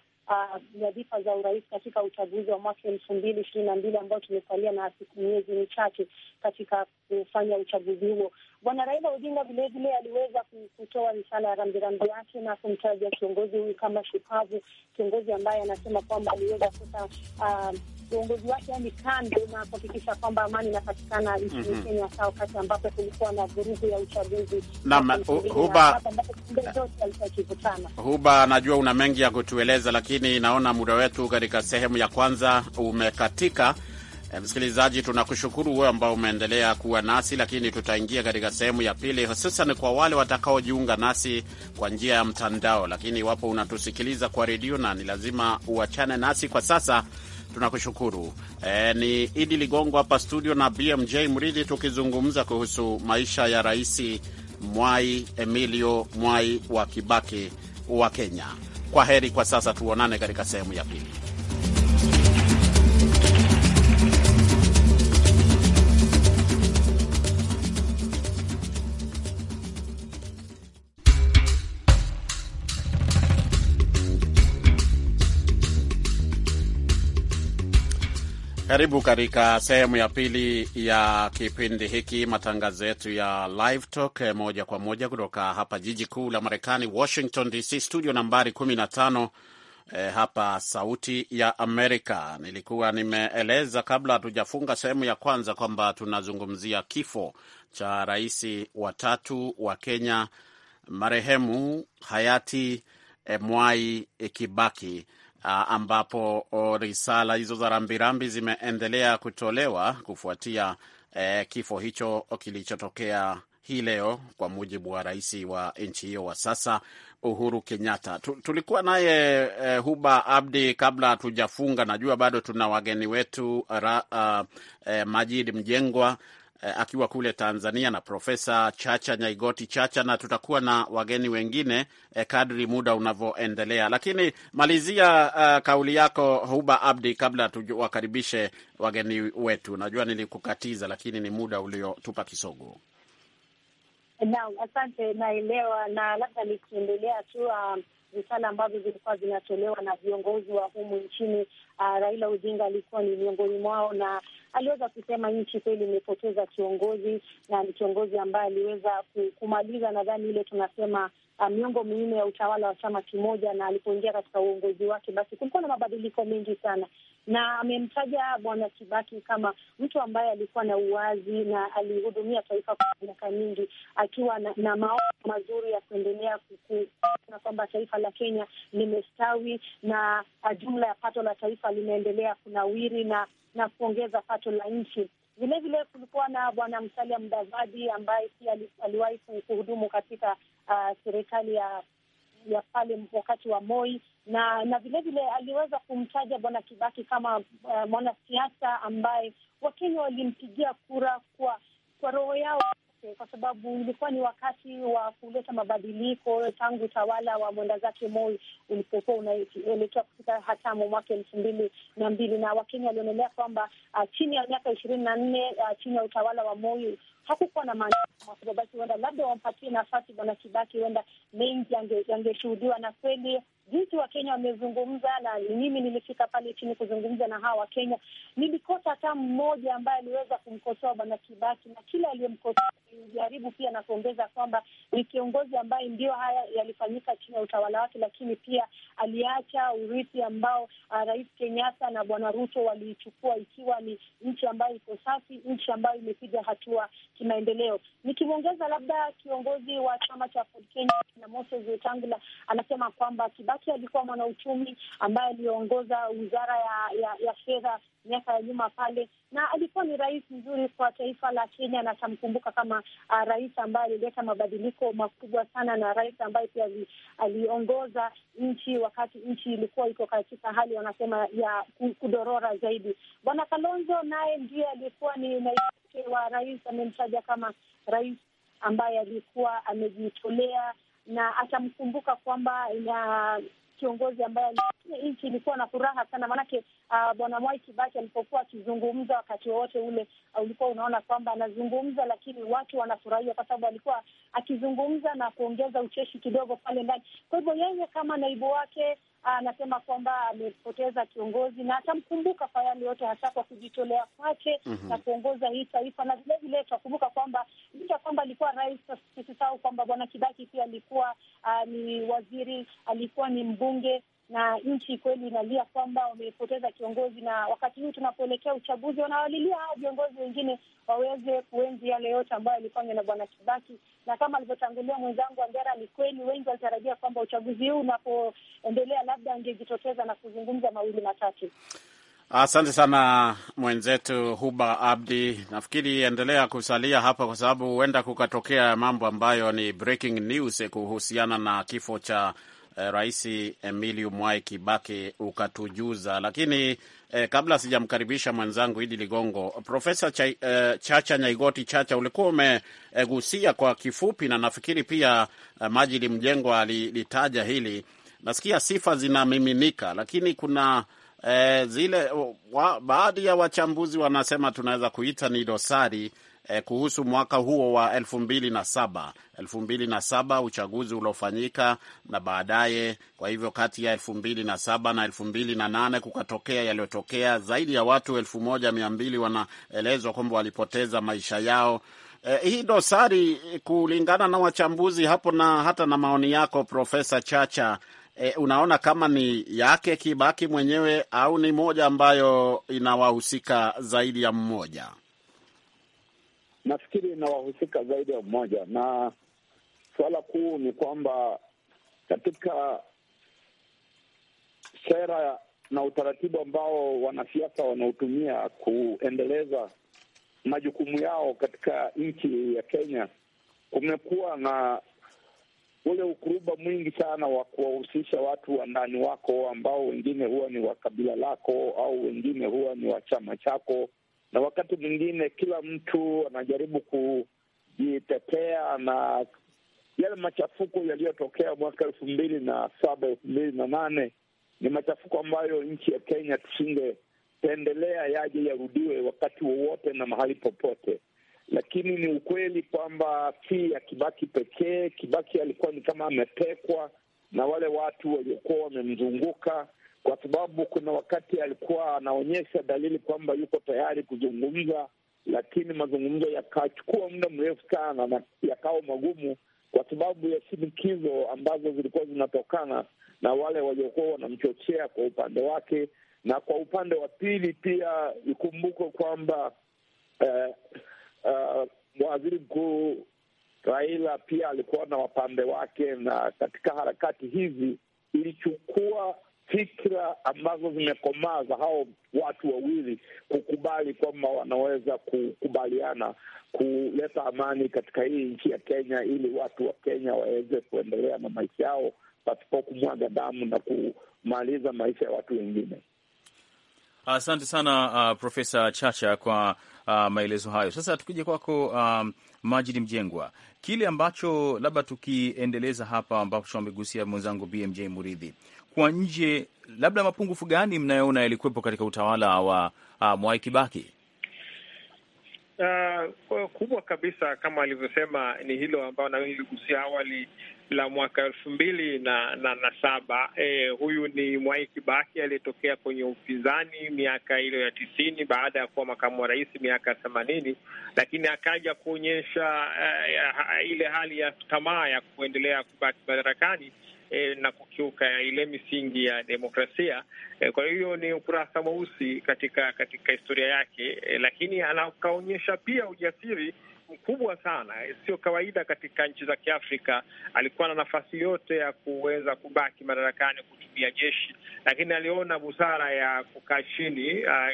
nyadhifa uh, za urais katika uchaguzi wa mwaka elfu mbili ishirini na mbili ambao tumesalia na siku miezi michache katika kufanya uchaguzi huo. Bwana Raila Odinga vilevile aliweza kutoa risala ya rambirambi yake na kumtaja kiongozi huyu kama shupavu, kiongozi ambaye anasema kwamba aliweza kuta uh, uongozi wake, yaani kando na kuhakikisha kwamba amani inapatikana nchini mm -hmm. Kenya, wakati ambapo kulikuwa na vurugu ya uchaguzi huba. Najua una mengi ya kutueleza, lakini naona muda wetu katika sehemu ya kwanza umekatika. Eh, msikilizaji, tunakushukuru wewe ambao umeendelea kuwa nasi, lakini tutaingia katika sehemu ya pili, hususan kwa wale watakaojiunga nasi kwa njia ya mtandao. Lakini iwapo unatusikiliza kwa redio, na ni lazima uachane nasi kwa sasa, tunakushukuru. E, ni Idi Ligongo hapa studio na BMJ Mridhi tukizungumza kuhusu maisha ya Rais Mwai Emilio Mwai wa Kibaki wa Kenya. Kwa heri kwa sasa, tuonane katika sehemu ya pili. Karibu katika sehemu ya pili ya kipindi hiki, matangazo yetu ya Live Talk eh, moja kwa moja kutoka hapa jiji kuu la Marekani, Washington DC, studio nambari 15 eh, hapa Sauti ya Amerika. Nilikuwa nimeeleza kabla hatujafunga sehemu ya kwanza kwamba tunazungumzia kifo cha rais wa tatu wa Kenya marehemu hayati eh, Mwai eh, Kibaki Ah, ambapo risala hizo za rambirambi zimeendelea kutolewa kufuatia eh, kifo hicho kilichotokea hii leo kwa mujibu wa rais wa nchi hiyo wa sasa Uhuru Kenyatta. Tulikuwa naye eh, Huba Abdi. Kabla hatujafunga, najua bado tuna wageni wetu ra, uh, eh, Majid Mjengwa Eh, akiwa kule Tanzania na Profesa Chacha Nyaigoti Chacha, na tutakuwa na wageni wengine eh, kadri muda unavyoendelea. Lakini malizia uh, kauli yako Huba Abdi kabla tuwakaribishe wageni wetu. Najua nilikukatiza, lakini ni muda uliotupa kisogo. Naam, asante, naelewa. Na labda nikiendelea tu risala ah, ambazo zilikuwa zinatolewa na viongozi wa humu nchini. Uh, Raila Odinga alikuwa ni miongoni mwao na aliweza kusema nchi kweli imepoteza kiongozi na ni kiongozi ambaye aliweza kumaliza nadhani ile tunasema uh, miongo minne ya utawala wa chama kimoja, na alipoingia katika uongozi wake, basi kulikuwa na mabadiliko mengi sana, na amemtaja Bwana Kibaki kama mtu ambaye alikuwa na uwazi na alihudumia taifa kwa miaka mingi akiwa na, na maono mazuri ya kuendelea kuona kwamba taifa la Kenya limestawi na jumla ya pato la taifa linaendelea kunawiri na na kuongeza pato la nchi. Vilevile kulikuwa na Bwana msalia mdavadi ambaye pia aliwahi kuhudumu katika uh, serikali ya ya pale wakati wa Moi, na na vilevile aliweza kumtaja Bwana Kibaki kama uh, mwanasiasa ambaye Wakenya walimpigia kura kwa kwa roho yao kwa sababu ulikuwa ni wakati wa kuleta mabadiliko tangu utawala wa mwenda zake Moi ulipokuwa unaelekea kufika hatamu mwaka elfu mbili na mbili na Wakenya walionelea kwamba uh, chini ya miaka ishirini na nne uh, chini ya utawala wa Moi hakukuwa na maana, basi huenda labda wampatie nafasi bwana Kibaki, huenda mengi yangeshuhudiwa, na kweli jinsi Wakenya wamezungumza na mimi nilifika pale chini kuzungumza na hawa Wakenya, nilikosa hata mmoja ambaye aliweza kumkosoa Bwana Kibaki, na kila aliyemkosoa nilijaribu pia na kuongeza kwamba ni kiongozi ambaye ndio haya yalifanyika chini ya utawala wake, lakini pia aliacha urithi ambao ah, Rais Kenyatta na Bwana Ruto waliichukua ikiwa ni nchi ambayo iko safi, nchi ambayo imepiga hatua kimaendeleo. Nikimwongeza labda kiongozi wa chama cha Ford Kenya na Moses Wetangula anasema kwamba Kibaki babake alikuwa mwanauchumi ambaye aliongoza wizara ya, ya, ya fedha miaka ya nyuma pale, na alikuwa ni rais mzuri kwa taifa la Kenya, na atamkumbuka kama uh, rais ambaye alileta mabadiliko makubwa sana, na rais ambaye pia aliongoza nchi wakati nchi ilikuwa iko katika hali wanasema ya kudorora zaidi. Bwana Kalonzo naye ndiye alikuwa ni naibu wa rais, amemtaja kama rais ambaye alikuwa amejitolea na atamkumbuka kwamba na kiongozi ambaye nchi ilikuwa na furaha sana maanake, uh, bwana Mwai Kibaki alipokuwa akizungumza wakati wowote ule ah, ulikuwa unaona kwamba anazungumza, lakini watu wanafurahia kwa sababu alikuwa akizungumza na kuongeza ucheshi kidogo pale ndani. Kwa hivyo yeye kama naibu wake Ah, anasema kwamba amepoteza kiongozi na atamkumbuka kwa yale yote, hasa kwa kujitolea kwake mm -hmm. na kuongoza hii taifa, na vilevile tutakumbuka kwamba licha kwamba alikuwa rais, tusisahau kwamba bwana Kibaki pia alikuwa uh, ni waziri, alikuwa ni mbunge na nchi kweli inalia kwamba wamepoteza kiongozi, na wakati huu tunapoelekea uchaguzi, wanawalilia hao viongozi wengine waweze kuenzi yale yote ambayo yalifanywa na bwana Kibaki. Na kama alivyotangulia mwenzangu Angera, ni kweli wengi walitarajia kwamba uchaguzi huu unapoendelea, labda angejitokeza na kuzungumza mawili matatu. Asante sana mwenzetu Huba Abdi. Nafikiri endelea kusalia hapa, kwa sababu huenda kukatokea mambo ambayo ni breaking news kuhusiana na kifo cha Eh, Rais Emilio Mwai Kibaki ukatujuza. Lakini eh, kabla sijamkaribisha mwenzangu Idi Ligongo, Profesa Ch eh, Chacha Nyaigoti Chacha, ulikuwa umegusia eh, kwa kifupi, na nafikiri pia eh, limjengwa Mjengwa alilitaja hili. Nasikia sifa zinamiminika, lakini kuna eh, zile wa, baadhi ya wachambuzi wanasema tunaweza kuita ni dosari eh, kuhusu mwaka huo wa elfu mbili na saba elfu mbili na saba uchaguzi uliofanyika na baadaye. Kwa hivyo kati ya elfu mbili na saba na elfu mbili na nane kukatokea yaliyotokea. Zaidi ya watu elfu moja mia mbili wanaelezwa kwamba walipoteza maisha yao. Eh, hii dosari eh, kulingana na wachambuzi hapo na hata na maoni yako Profesa Chacha, eh, unaona kama ni yake Kibaki mwenyewe au ni moja ambayo inawahusika zaidi ya mmoja? nafikiri inawahusika wahusika zaidi ya mmoja, na suala kuu ni kwamba katika sera na utaratibu ambao wanasiasa wanaotumia kuendeleza majukumu yao katika nchi ya Kenya, kumekuwa na ule ukuruba mwingi sana wa kuwahusisha watu wa ndani wako ambao wengine huwa ni wa kabila lako au wengine huwa ni wa chama chako na wakati mwingine kila mtu anajaribu kujitetea na yale machafuko yaliyotokea mwaka elfu mbili na saba elfu mbili na nane ni machafuko ambayo nchi ya Kenya tusingependelea yaje yarudiwe wakati wowote na mahali popote, lakini ni ukweli kwamba si ya Kibaki pekee. Kibaki alikuwa ni kama ametekwa na wale watu waliokuwa wamemzunguka kwa sababu kuna wakati alikuwa anaonyesha dalili kwamba yuko tayari kuzungumza, lakini mazungumzo yakachukua muda mrefu sana na yakawa magumu kwa sababu ya shinikizo ambazo zilikuwa zinatokana na wale waliokuwa wanamchochea kwa upande wake, na kwa upande wa pili pia ikumbukwe kwamba eh, eh, waziri mkuu Raila pia alikuwa na wapande wake, na katika harakati hizi ilichukua fikra ambazo zimekomaa za hao watu wawili kukubali kwamba wanaweza kukubaliana kuleta amani katika hii nchi ya Kenya ili watu wa Kenya waweze kuendelea na maisha yao pasipo kumwaga damu na kumaliza maisha ya watu wengine. Asante sana uh, Profesa Chacha kwa uh, maelezo hayo. Sasa tukija kwako um, Majid Mjengwa, kile ambacho labda tukiendeleza hapa ambacho amegusia mwenzangu BMJ Muridhi, kwa nje labda mapungufu gani mnayoona yalikuwepo katika utawala wa uh, Mwai Kibaki? Uh, kubwa kabisa kama alivyosema ni hilo ambayo na niligusia awali la mwaka elfu mbili na, na, na saba. Eh, huyu ni Mwai Kibaki aliyetokea kwenye upinzani miaka hilo ya tisini baada ya kuwa makamu wa rais miaka ya themanini, lakini akaja kuonyesha eh, ile hali ya tamaa ya kuendelea kubaki madarakani eh, na kukiuka ile misingi ya demokrasia eh. Kwa hiyo ni ukurasa mweusi katika katika historia yake eh, lakini anakaonyesha pia ujasiri mkubwa sana, sio kawaida katika nchi za Kiafrika. Alikuwa na nafasi yote ya kuweza kubaki madarakani kutumia jeshi, lakini aliona busara ya kukaa chini ah,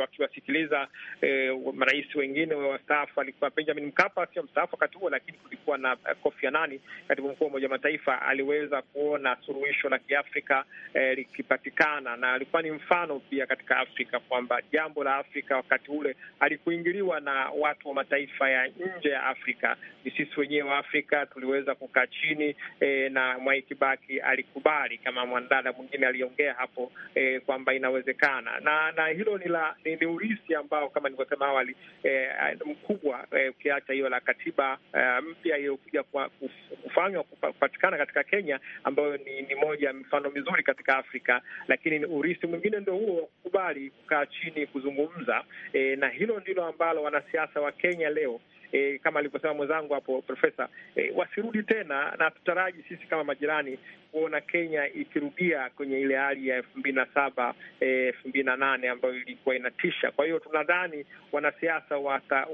wakiwasikiliza eh, marais wengine wastaafu. Alikuwa Benjamin Mkapa sio mstaafu wakati huo, lakini kulikuwa na eh, Kofi Annan, katibu mkuu wa Umoja Mataifa, aliweza kuona suluhisho la Kiafrika eh, likipatikana, na alikuwa ni mfano pia katika Afrika kwamba jambo la Afrika wakati ule alikuingiliwa na watu watu wa mataifa ya nje ya Afrika. Ni sisi wenyewe wa Afrika tuliweza kukaa chini e, na Mwai Kibaki alikubali kama mwanadada mwingine aliongea hapo e, kwamba inawezekana, na na hilo ni la ni urisi ambao kama nilivyosema awali e, mkubwa e, ukiacha hiyo la katiba e, mpya iliyokuja kufanywa kupatikana katika Kenya ambayo ni, ni moja ya mifano mizuri katika Afrika, lakini ni urisi mwingine ndo huo wa kukubali kukaa chini kuzungumza e, na hilo ndilo ambalo wanasiasa Wakenya leo E, kama alivyosema mwenzangu hapo profesa e, wasirudi tena, na tutaraji sisi kama majirani kuona Kenya ikirudia kwenye ile hali ya elfu mbili na saba e, elfu mbili na nane ambayo ilikuwa inatisha. Kwa hiyo tunadhani wanasiasa watafuata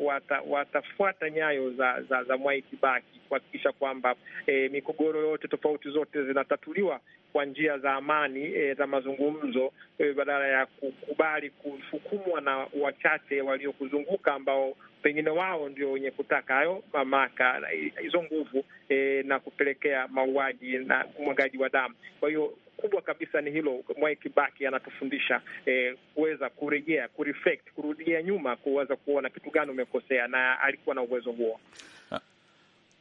wata, wata nyayo za, za, za Mwai Kibaki kuhakikisha kwamba e, migogoro yote tofauti zote zinatatuliwa kwa njia za amani e, za mazungumzo e, badala ya kukubali kusukumwa na wachache waliokuzunguka ambao pengine wao ndio wenye kutaka hayo mamlaka hizo nguvu e, na kupelekea mauaji na umwagaji wa damu. Kwa hiyo kubwa kabisa ni hilo. Mwai Kibaki anatufundisha e, kuweza kurejea, kureflect, kurudia nyuma, kuweza kuona kitu gani umekosea, na alikuwa na uwezo huo.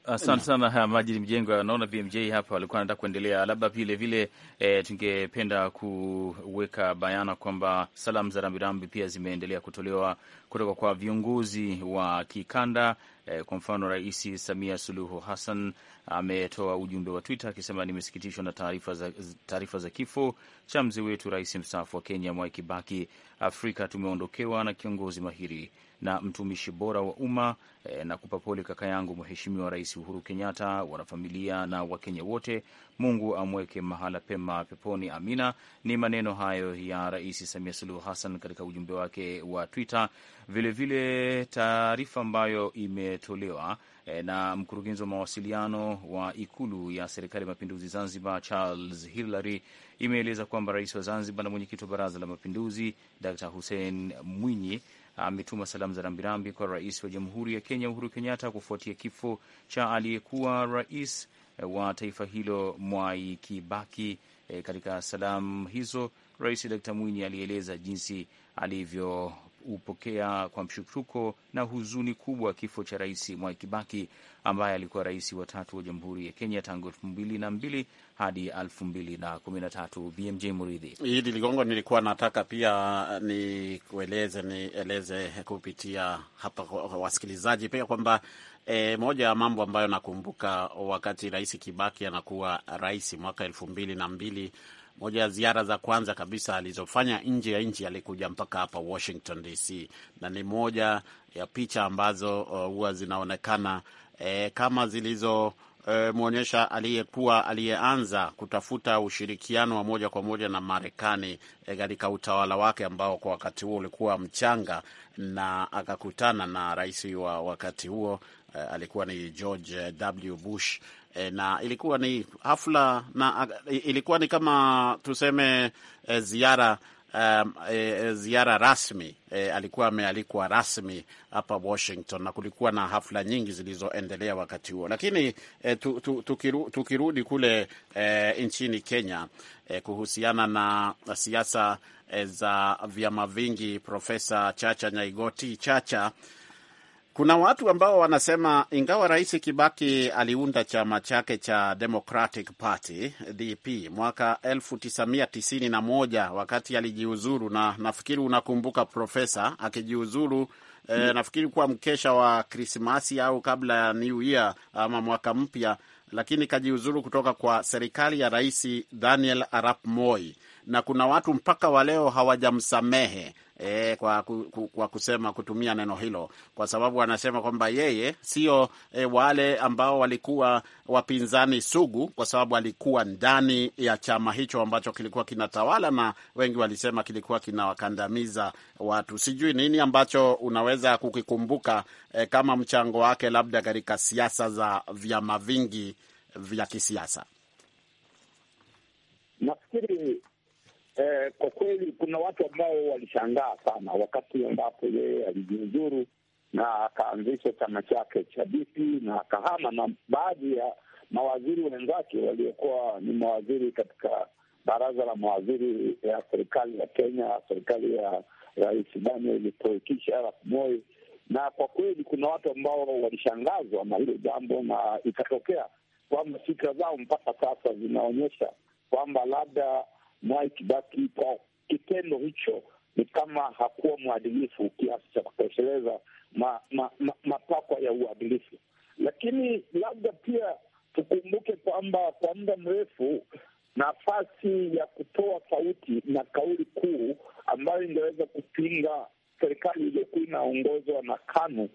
Asante sana haya mjengo naona BMJ hapa walikuwa anataka kuendelea, labda vile vile e, tungependa kuweka bayana kwamba salamu za rambirambi pia zimeendelea kutolewa kutoka kwa viongozi wa kikanda e, kwa mfano Rais Samia Suluhu Hassan ametoa ujumbe wa Twitter akisema nimesikitishwa na taarifa za, taarifa za kifo cha mzee wetu rais mstaafu wa Kenya Mwai Kibaki. Afrika tumeondokewa na kiongozi mahiri na mtumishi bora wa umma e, na kupa pole kaka yangu Mheshimiwa Rais Uhuru Kenyatta, wanafamilia na Wakenya wote. Mungu amweke mahala pema peponi, amina. Ni maneno hayo ya Rais Samia Suluhu Hassan katika ujumbe wake wa Twitter. Vilevile taarifa ambayo imetolewa e, na mkurugenzi wa mawasiliano wa Ikulu ya Serikali ya Mapinduzi Zanzibar Charles Hilary imeeleza kwamba rais wa Zanzibar na mwenyekiti wa Baraza la Mapinduzi Dr Hussein Mwinyi ametuma salamu za rambirambi kwa rais wa Jamhuri ya Kenya Uhuru Kenyatta kufuatia kifo cha aliyekuwa rais eh, wa taifa hilo Mwai Kibaki. E, katika salamu hizo Rais Dkt. Mwinyi alieleza jinsi alivyo hupokea kwa mshutuko na huzuni kubwa kifo cha Rais Mwai Kibaki ambaye alikuwa rais wa tatu wa Jamhuri ya Kenya tangu elfu mbili na mbili hadi elfu mbili na kumi na tatu. BMJ Muridhi Idi Ligongo, nilikuwa nataka pia nikueleze nieleze kupitia hapa wasikilizaji pia kwamba E, moja ya mambo ambayo nakumbuka wakati Rais Kibaki anakuwa rais mwaka elfu mbili na mbili moja ya ziara za kwanza kabisa alizofanya nje ya nchi, alikuja mpaka hapa Washington DC, na ni moja ya picha ambazo uh, huwa uh, zinaonekana eh, kama zilizo eh, mwonyesha aliyekuwa aliyeanza kutafuta ushirikiano wa moja kwa moja na Marekani eh, katika eh, utawala wake ambao kwa wakati huo ulikuwa mchanga, na akakutana na rais wa wakati huo eh, alikuwa ni George W. Bush e, na ilikuwa ni hafla na eh, ilikuwa ni kama tuseme e, ziara Um, e, ziara rasmi e, alikuwa amealikwa rasmi hapa Washington na kulikuwa na hafla nyingi zilizoendelea wakati huo, lakini e, tu, tu, tukiru, tukirudi kule e, nchini Kenya e, kuhusiana na siasa e, za vyama vingi, Profesa Chacha Nyaigoti Chacha kuna watu ambao wanasema ingawa Rais Kibaki aliunda chama chake cha Democratic Party DP mwaka 1991 wakati alijiuzuru, na nafikiri unakumbuka Profesa akijiuzuru E, mm. Nafikiri kuwa mkesha wa Krismasi au kabla ya New Year ama mwaka mpya, lakini kajiuzuru kutoka kwa serikali ya Rais Daniel Arap Moi, na kuna watu mpaka waleo hawajamsamehe e, kwa, ku, kwa kusema kutumia neno hilo, kwa sababu anasema kwamba yeye sio e, wale ambao walikuwa wapinzani sugu, kwa sababu alikuwa ndani ya chama hicho ambacho kilikuwa kinatawala, na wengi walisema kilikuwa kinawakandamiza watu. Sijui nini ambacho unaweza kukikumbuka e, kama mchango wake labda katika siasa za vyama vingi vya kisiasa. Nafikiri eh, kwa kweli kuna watu ambao walishangaa sana wakati ambapo yeye alijiuzuru na akaanzisha chama chake cha DP na akahama na baadhi ya mawaziri wenzake waliokuwa ni mawaziri katika baraza la mawaziri ya serikali ya Kenya, serikali ya Rais Daniel Toroitich arap Moi. Na kwa kweli kuna watu ambao walishangazwa na hilo jambo, na ikatokea kwamba fikra zao mpaka sasa zinaonyesha kwamba labda Mwai Kibaki kwa kitendo hicho ni kama hakuwa mwadilifu kiasi cha kutosheleza matakwa ma, ma, ma ya uadilifu. Lakini labda pia tukumbuke kwamba kwa muda mrefu nafasi ya kutoa sauti na kauli kuu ambayo ingeweza kupinga serikali iliyokuwa inaongozwa na KANU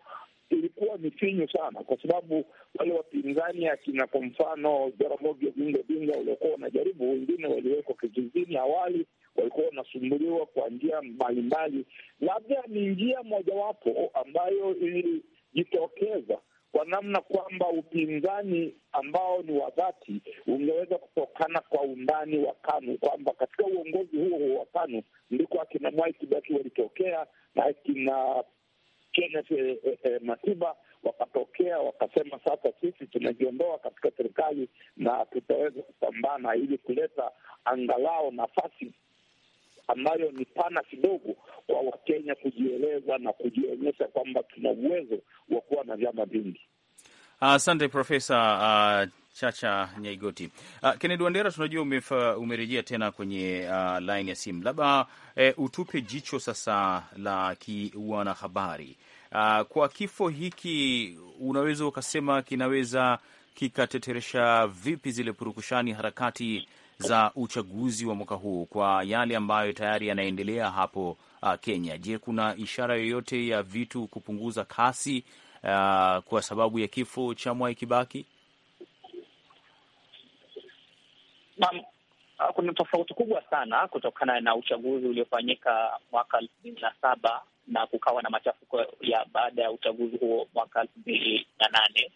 ilikuwa ni finyu sana, kwa sababu wale wapinzani akina, kwa mfano Jaramogi Oginga Odinga waliokuwa wanajaribu, wengine waliwekwa kizuizini awali, walikuwa wanasumbuliwa kwa njia mbalimbali. Labda ni njia mojawapo ambayo ilijitokeza kwa namna kwamba upinzani ambao ni wa dhati ungeweza kutokana kwa undani wa KANU, kwamba katika uongozi huo huo wa KANU ndiko akina Mwai Kibaki walitokea na akina Kenneth e, eh, e, eh, Matiba wakatokea wakasema, sasa sisi tunajiondoa katika serikali na tutaweza kupambana ili kuleta angalau nafasi ambayo ni pana kidogo kwa Wakenya kujieleza na kujionyesha kwamba tuna uwezo wa kuwa na vyama vingi. Asante uh, Profesa uh, Chacha Nyaigoti. Uh, Kennedy Wandera, tunajua uh, umerejea tena kwenye uh, laini ya simu, labda uh, utupe jicho sasa la kiwanahabari uh, kwa kifo hiki, unaweza ukasema kinaweza kikateteresha vipi zile purukushani, harakati za uchaguzi wa mwaka huu kwa yale ambayo tayari yanaendelea hapo uh, Kenya? Je, kuna ishara yoyote ya vitu kupunguza kasi uh, kwa sababu ya kifo cha Mwai Kibaki? Naam, uh, kuna tofauti kubwa sana kutokana na uchaguzi uliofanyika mwaka elfu mbili na saba na kukawa na machafuko ya baada ya uchaguzi huo mwaka elfu mbili na nane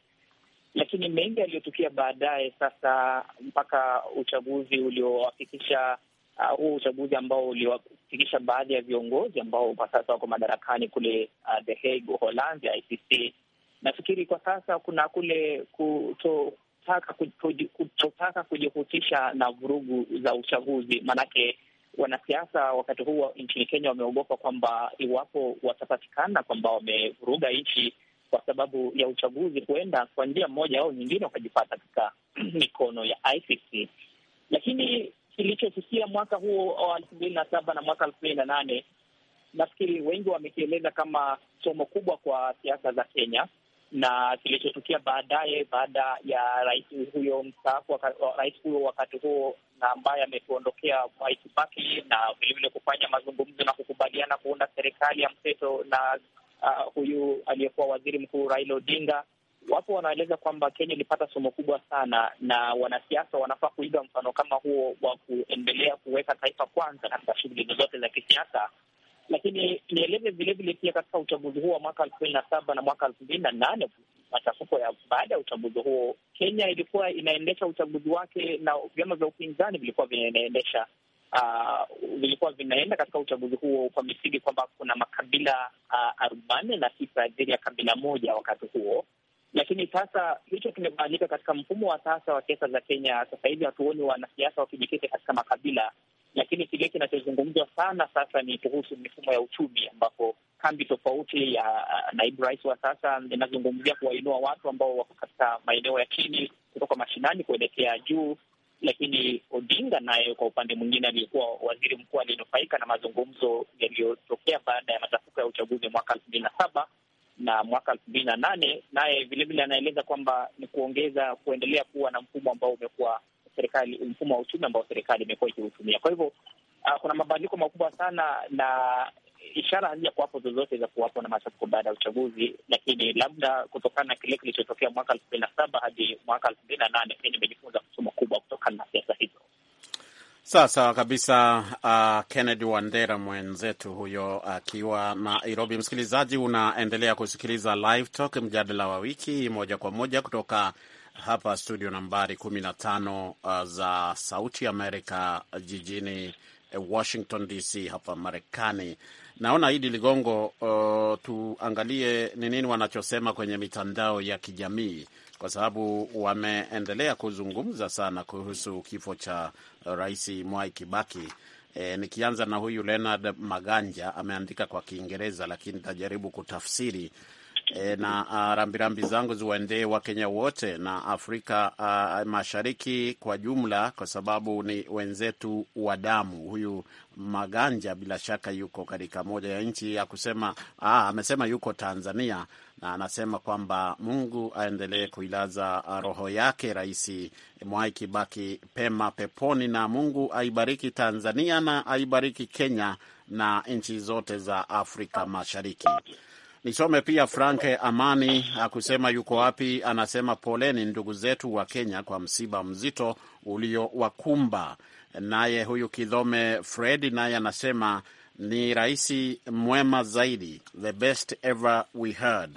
lakini mengi yaliyotukia baadaye sasa mpaka uchaguzi uliohakikisha Uh, huu uchaguzi ambao uliwafikisha baadhi ya viongozi ambao kwa sasa wako madarakani kule uh, The Hague Uholanzi, ICC. Nafikiri kwa sasa kuna kule kutotaka kutotaka kujihusisha na vurugu za uchaguzi, maanake wanasiasa wakati huu nchini Kenya wameogopa kwamba iwapo watapatikana kwamba wamevuruga nchi kwa sababu ya uchaguzi, huenda kwa njia moja au nyingine wakajipata katika mikono ya ICC. Lakini kilichotukia mwaka huo wa elfu mbili na saba na mwaka elfu mbili na nane nafikiri wengi wamekieleza kama somo kubwa kwa siasa za Kenya na kilichotukia baadaye baada ya rais huyo mstaafu, rais huyo wakati huo na ambaye ametuondokea Mwai na vilevile kufanya mazungumzo na kukubaliana kuunda serikali ya mseto na uh, huyu aliyekuwa waziri mkuu Raila Odinga wapo wanaeleza kwamba Kenya ilipata somo kubwa sana, na wanasiasa wanafaa kuiga mfano kama huo wa kuendelea kuweka taifa kwanza katika shughuli zozote za kisiasa. Lakini nieleze vilevile pia katika uchaguzi huo wa mwaka elfu mbili na saba na mwaka elfu mbili na nane machafuko ya baada ya uchaguzi huo, Kenya ilikuwa inaendesha uchaguzi wake na vyama vya upinzani vilikuwa vinaendesha Uh, vilikuwa vinaenda katika uchaguzi huo kwa misingi kwamba kuna makabila ah, arobaini uh, na tisa dhidi ya kabila moja wakati huo, lakini sasa hicho kimebadilika katika mfumo wa sasa wa siasa za Kenya. Sasa hivi hatuoni wanasiasa wakijikita katika makabila, lakini kile kinachozungumzwa sana sasa ni kuhusu mifumo ya uchumi, ambapo kambi tofauti ya uh, naibu rais wa sasa inazungumzia kuwainua watu ambao wako katika maeneo ya chini kutoka mashinani kuelekea juu lakini Odinga naye kwa upande mwingine, aliyekuwa waziri mkuu, alinufaika na mazungumzo yaliyotokea baada ya machafuko ya uchaguzi mwaka elfu mbili na saba na mwaka elfu mbili na nane naye vilevile anaeleza kwamba ni kuongeza kuendelea kuwa na mfumo ambao umekuwa serikali, mfumo wa uchumi ambao serikali imekuwa ikiutumia. Kwa hivyo uh, kuna mabadiliko makubwa sana na ishara hazija kuwapo zozote za kuwapo na machafuko baada ya uchaguzi, lakini labda kutokana na kile kilichotokea mwaka elfu mbili na saba hadi mwaka elfu mbili na nane pia nimejifunza kusoma kubwa kutokana na siasa hizo. Sawa sawa kabisa. Uh, Kennedy Wandera mwenzetu huyo akiwa uh, Nairobi. Msikilizaji, unaendelea kusikiliza Live Talk, mjadala wa wiki moja kwa moja kutoka hapa studio nambari 15 uh, za Sauti Amerika jijini uh, Washington DC, hapa Marekani. Naona Idi Ligongo, uh, tuangalie ni nini wanachosema kwenye mitandao ya kijamii kwa sababu wameendelea kuzungumza sana kuhusu kifo cha Rais Mwai Kibaki. E, nikianza na huyu Leonard Maganja ameandika kwa Kiingereza, lakini tajaribu kutafsiri e, na rambirambi zangu ziwaendee Wakenya wote na Afrika a, Mashariki kwa jumla, kwa sababu ni wenzetu wa damu. Huyu Maganja bila shaka yuko katika moja ya nchi ya kusema a, amesema yuko Tanzania na anasema kwamba Mungu aendelee kuilaza roho yake Rais Mwai Kibaki pema peponi, na Mungu aibariki Tanzania na aibariki Kenya na nchi zote za Afrika Mashariki. Nisome pia Frank Amani akusema yuko wapi, anasema poleni ndugu zetu wa Kenya kwa msiba mzito uliowakumba. Naye huyu Kidhome Fred naye anasema ni rais mwema zaidi, the best ever we heard.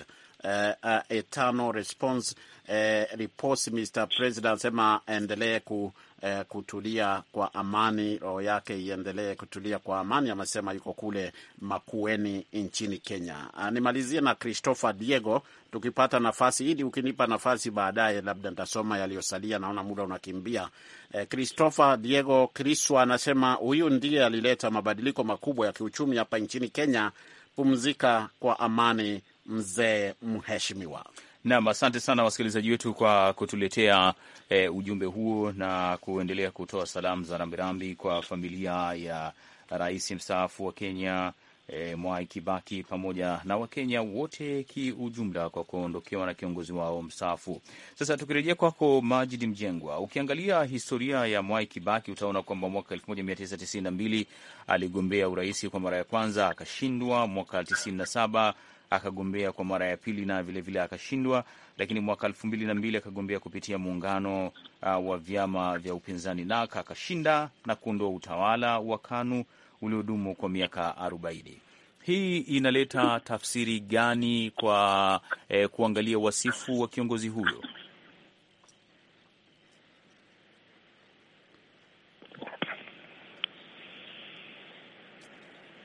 Uh, uh, eternal response eh, reports Mr President sema endelee ku, eh, kutulia kwa amani, roho yake iendelee kutulia kwa amani. Amesema yuko kule Makueni nchini Kenya. Ah, nimalizie na Christopher Diego, tukipata nafasi ili ukinipa nafasi baadaye, labda nitasoma yaliyosalia, naona muda unakimbia. Eh, Christopher Diego Kriswa anasema huyu ndiye alileta mabadiliko makubwa ya kiuchumi hapa nchini Kenya. Pumzika kwa amani mzee mheshimiwa. Nam, asante sana wasikilizaji wetu kwa kutuletea e, ujumbe huo na kuendelea kutoa salamu za rambirambi kwa familia ya rais mstaafu wa Kenya e, Mwai Kibaki pamoja na Wakenya wote kiujumla kwa kuondokewa na kiongozi wao mstaafu. Sasa tukirejea kwako Majid Mjengwa, ukiangalia historia ya Mwai Kibaki utaona kwamba mwaka 1992 aligombea urais kwa mara ya kwanza akashindwa. Mwaka 97 akagombea kwa mara ya pili na vilevile akashindwa, lakini mwaka elfu mbili na mbili akagombea kupitia muungano uh, wa vyama vya upinzani NAK akashinda na kuondoa utawala wa KANU uliodumu kwa miaka arobaini. Hii inaleta tafsiri gani kwa eh, kuangalia wasifu wa kiongozi huyo?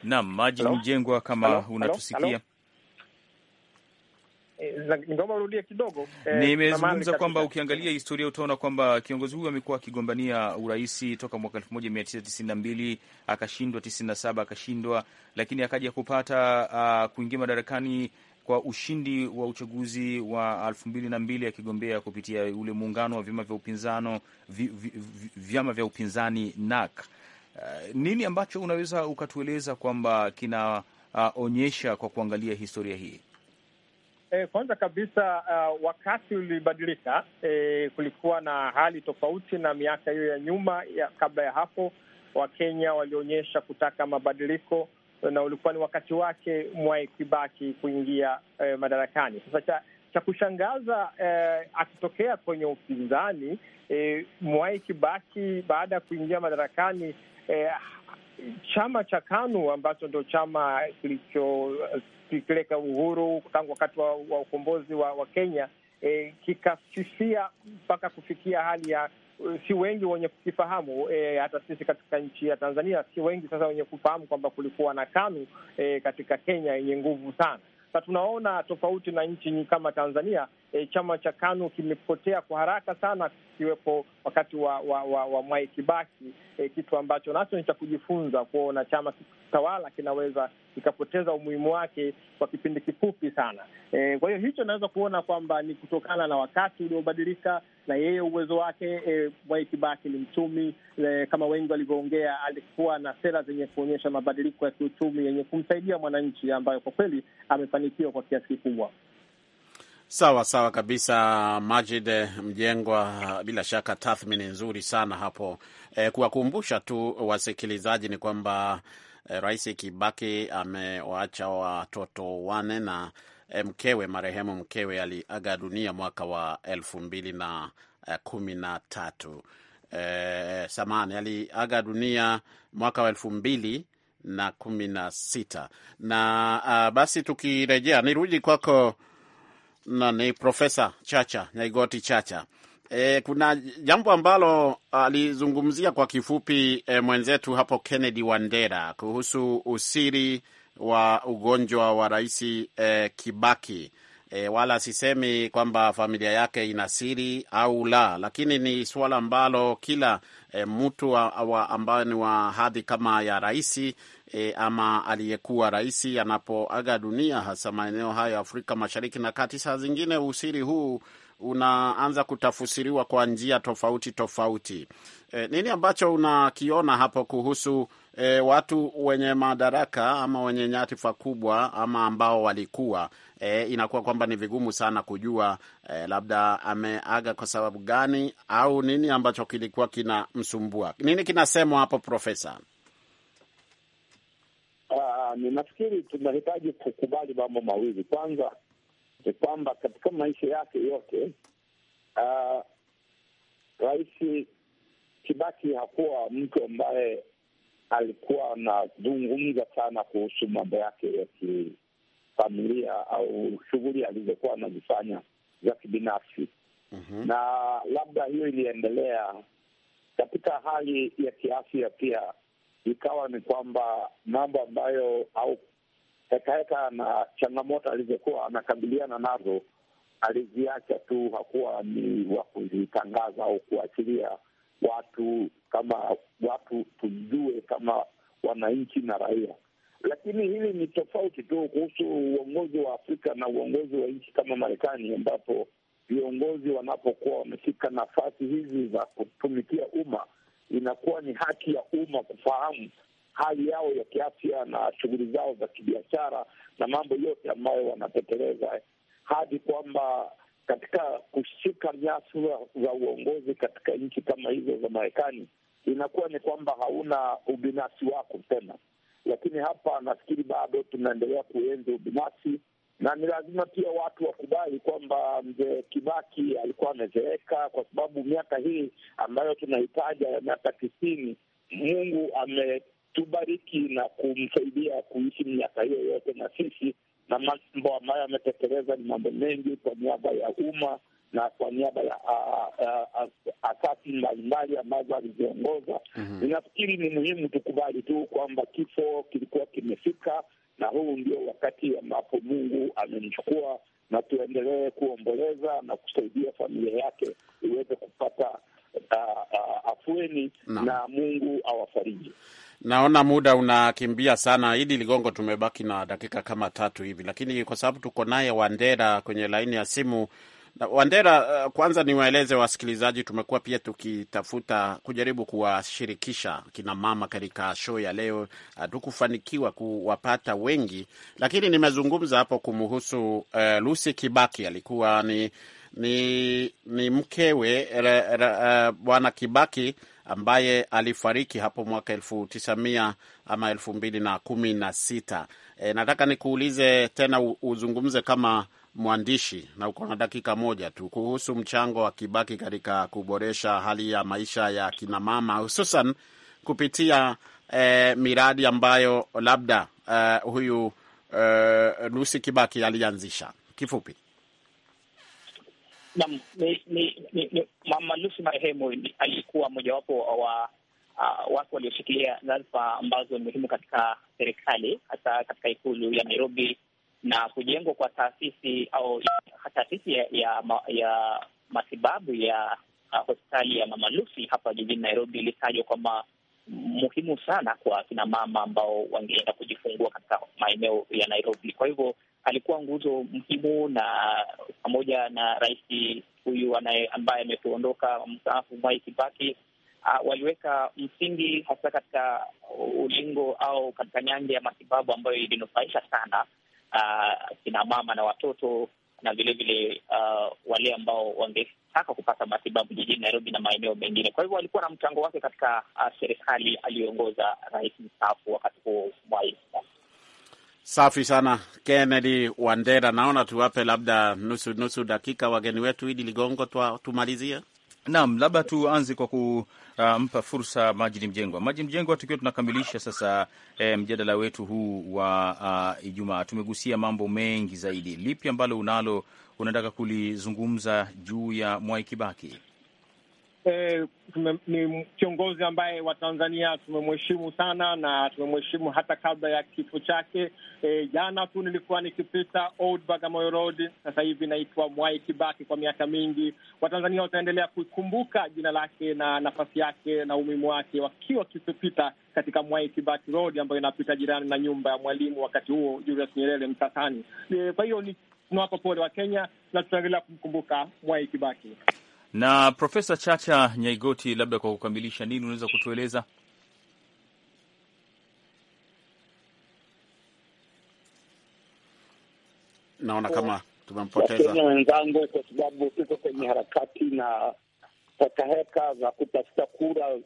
Naam, Maji Mjengwa, kama unatusikia ningeomba urudie kidogo. Eh, nimezungumza kwamba ukiangalia historia utaona kwamba kiongozi huyu amekuwa akigombania urahisi toka mwaka elfu moja mia tisa tisini na mbili akashindwa, tisini na saba akashindwa, lakini akaja kupata uh, kuingia madarakani kwa ushindi wa uchaguzi wa elfu mbili na mbili akigombea kupitia ule muungano wa vyama vya upinzano vyama vya upinzani NAK. Uh, eh, nini ambacho unaweza ukatueleza kwamba kinaonyesha uh, kwa kuangalia historia hii? eh, kwanza kabisa uh, wakati ulibadilika. eh, kulikuwa na hali tofauti na miaka hiyo ya nyuma ya, kabla ya hapo Wakenya walionyesha kutaka mabadiliko na ulikuwa ni wakati wake Mwai Kibaki kuingia eh, madarakani. Sasa cha, cha kushangaza eh, akitokea kwenye upinzani eh, Mwai Kibaki baada ya kuingia madarakani eh, chama cha KANU ambacho ndo chama kilicho kileka uhuru tangu wakati wa, wa ukombozi wa, wa Kenya e, kikafifia mpaka kufikia hali ya uh, si wengi wenye kukifahamu e, hata sisi katika nchi ya Tanzania si wengi sasa wenye kufahamu kwamba kulikuwa na KANU e, katika Kenya yenye nguvu sana. Sasa tunaona tofauti na nchi kama Tanzania e, chama cha KANU kimepotea kwa haraka sana, kiwepo wakati wa wa, wa, wa Mwai Kibaki e, kitu ambacho nacho ni cha kujifunza kuona chama tawala kinaweza kikapoteza umuhimu wake kwa kipindi kifupi sana. E, kwa hiyo hicho naweza kuona kwamba ni kutokana na wakati uliobadilika na yeye uwezo wake. E, Mwai Kibaki ni mchumi e, kama wengi walivyoongea, alikuwa na sera zenye kuonyesha mabadiliko ya kiuchumi yenye kumsaidia mwananchi, ambayo kwa kweli amefanikiwa kwa kiasi kikubwa. Sawa sawa kabisa, Majid Mjengwa, bila shaka tathmini nzuri sana hapo. E, kuwakumbusha tu wasikilizaji ni kwamba e, Rais Kibaki amewaacha watoto wane na e, mkewe marehemu mkewe aliaga dunia mwaka wa elfu mbili na kumi na tatu. E, samani aliaga dunia mwaka wa elfu mbili na kumi na sita na a, ah, basi tukirejea nirudi kwako na ni Profesa Chacha Nyaigoti Chacha. E, kuna jambo ambalo alizungumzia kwa kifupi e, mwenzetu hapo Kennedy Wandera kuhusu usiri wa ugonjwa wa Rais e, Kibaki. E, wala sisemi kwamba familia yake ina siri au la, lakini ni suala ambalo kila e, mtu ambaye ni wa hadhi kama ya rais e, ama aliyekuwa rais anapoaga dunia, hasa maeneo hayo Afrika Mashariki na Kati. Saa zingine usiri huu unaanza kutafusiriwa kwa njia tofauti tofauti. E, nini ambacho unakiona hapo kuhusu e, watu wenye madaraka ama wenye nyadhifa kubwa ama ambao walikuwa e, inakuwa kwamba ni vigumu sana kujua e, labda ameaga kwa sababu gani au nini ambacho kilikuwa kinamsumbua? Nini kinasemwa hapo, Profesa? Uh, ninafikiri tunahitaji kukubali mambo mawili. Kwanza ni kwamba katika maisha yake yote uh, Rais Kibaki hakuwa mtu ambaye alikuwa anazungumza sana kuhusu mambo yake ya kifamilia au shughuli alizokuwa anazifanya za kibinafsi. mm -hmm. Na labda hiyo iliendelea katika hali ya kiafya pia ikawa ni kwamba mambo ambayo au hekaheka na changamoto alizokuwa anakabiliana nazo aliziacha tu, hakuwa ni wa kuzitangaza au kuachilia watu kama watu tujue kama wananchi na raia. Lakini hili ni tofauti tu kuhusu uongozi wa Afrika na uongozi wa nchi kama Marekani, ambapo viongozi wanapokuwa wameshika nafasi hizi za kutumikia umma inakuwa ni haki ya umma kufahamu hali yao ya kiafya na shughuli zao za kibiashara na mambo yote ambayo wanatekeleza, hadi kwamba katika kushika nyasa za uongozi katika nchi kama hizo za Marekani inakuwa ni kwamba hauna ubinafsi wako tena. Lakini hapa nafikiri bado tunaendelea kuenzi ubinafsi na ni lazima pia watu wakubali kwamba mzee Kibaki alikuwa amezeeka, kwa sababu miaka hii ambayo tunahitaja ya miaka tisini, Mungu ametubariki na kumsaidia kuishi miaka hiyo yote, na sisi na mambo ambayo ametekeleza ni mambo mengi kwa niaba ya umma na kwa niaba ya asasi mbalimbali ambazo aliziongoza. Mhm. Ninafikiri ni muhimu tukubali tu kwamba kifo kilikuwa kimefika na huu ndio wakati ambapo Mungu amemchukua, na tuendelee kuomboleza na kusaidia familia yake iweze kupata afueni na, na Mungu awafariji. Naona muda unakimbia sana, Idi Ligongo. Tumebaki na dakika kama tatu hivi, lakini kwa sababu tuko naye Wandera kwenye laini ya simu Wandera, eh, kwanza niwaeleze wasikilizaji, tumekuwa pia tukitafuta kujaribu kuwashirikisha kina mama katika show ya leo, hatukufanikiwa ah, kuwapata wengi, lakini nimezungumza hapo kumhusu uh, eh, Lucy Kibaki alikuwa ni ni, ni mkewe eh, Bwana uh, Kibaki ambaye alifariki hapo mwaka elfu tisa mia ama elfu mbili na kumi na sita. E, nataka nikuulize tena uzungumze kama mwandishi, na uko na dakika moja tu kuhusu mchango wa Kibaki katika kuboresha hali ya maisha ya kinamama hususan kupitia eh, miradi ambayo labda eh, huyu eh, Lucy Kibaki alianzisha kifupi. Naam, Mama Lucy marehemu alikuwa mojawapo wa uh, watu walioshikilia nyadhifa ambazo ni muhimu katika serikali, hasa katika ikulu ya Nairobi na kujengwa kwa taasisi au taasisi ya, ya, ya matibabu ya uh, hospitali ya Mama Lucy hapa jijini Nairobi ilitajwa kwamba muhimu sana kwa kina mama ambao wangeenda kujifungua katika maeneo ya Nairobi. Kwa hivyo alikuwa nguzo muhimu, na pamoja na rais huyu ambaye ametuondoka mstaafu Mwai Kibaki, uh, waliweka msingi hasa katika ulingo au katika nyanja ya matibabu ambayo ilinufaisha sana uh, kina mama na watoto na vilevile uh, wale ambao wangetaka kupata matibabu jijini Nairobi na maeneo mengine. Kwa hivyo alikuwa na mchango wake katika uh, serikali aliyoongoza rais mstaafu wakati huo Mwai. Safi sana Kennedy Wandera, naona tuwape labda nusu nusu dakika wageni wetu. Idi Ligongo, tumalizie. Naam, labda tuanze kwa ku mpa fursa Majini Mjengwa. Majini Mjengwa, tukiwa tunakamilisha sasa e, mjadala wetu huu wa ah, Ijumaa, tumegusia mambo mengi zaidi. Lipi ambalo unalo unataka kulizungumza juu ya Mwai Kibaki? eh, ni kiongozi ambaye Watanzania tumemheshimu sana na tumemheshimu hata kabla ya kifo chake. Eh, jana tu nilikuwa nikipita Old Bagamoyo Road, sasa hivi inaitwa Mwai Kibaki. Kwa miaka mingi Watanzania wataendelea kuikumbuka jina lake na nafasi yake na umuhimu wake wakiwa wakipita katika Mwai Kibaki Road ambayo inapita jirani na nyumba ya mwalimu wakati huo Julius Nyerere Mtatani. Eh, kwa hiyo ni tunawapa pole wa Kenya na tutaendelea kumkumbuka Mwai Kibaki. Na Profesa Chacha Nyaigoti, labda kwa kukamilisha, nini unaweza kutueleza? Naona oh, kama tumempoteza wenzangu, kwa sababu tuko kwenye harakati na hekaheka za kutafuta kura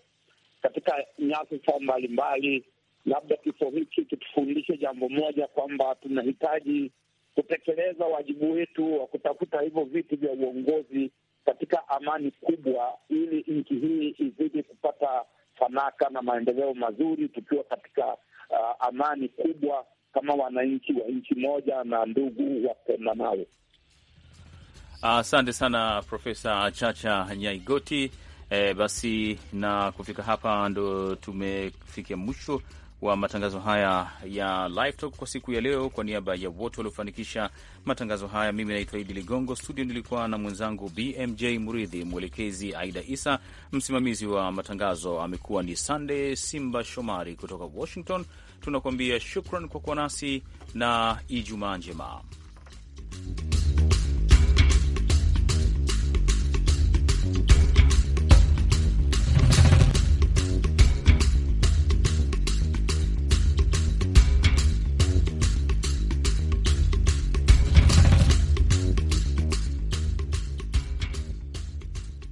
katika nyasa mbalimbali. Labda kifo hiki kitufundishe jambo moja, kwamba tunahitaji kutekeleza wajibu wetu wa kutafuta hivyo viti vya uongozi katika amani kubwa, ili nchi hii izidi kupata fanaka na maendeleo mazuri, tukiwa katika uh, amani kubwa kama wananchi wa nchi moja na ndugu wapenda nawe. Asante uh, sana Profesa Chacha Nyaigoti. Eh, basi na kufika hapa ndo tumefikia mwisho wa matangazo haya ya Live Talk kwa siku ya leo. Kwa niaba ya wote waliofanikisha matangazo haya, mimi naitwa Idi Ligongo. Studio nilikuwa na mwenzangu BMJ Muridhi, mwelekezi Aida Isa, msimamizi wa matangazo amekuwa ni Sunday Simba Shomari. Kutoka Washington tunakuambia shukran kwa kuwa nasi na Ijumaa njema.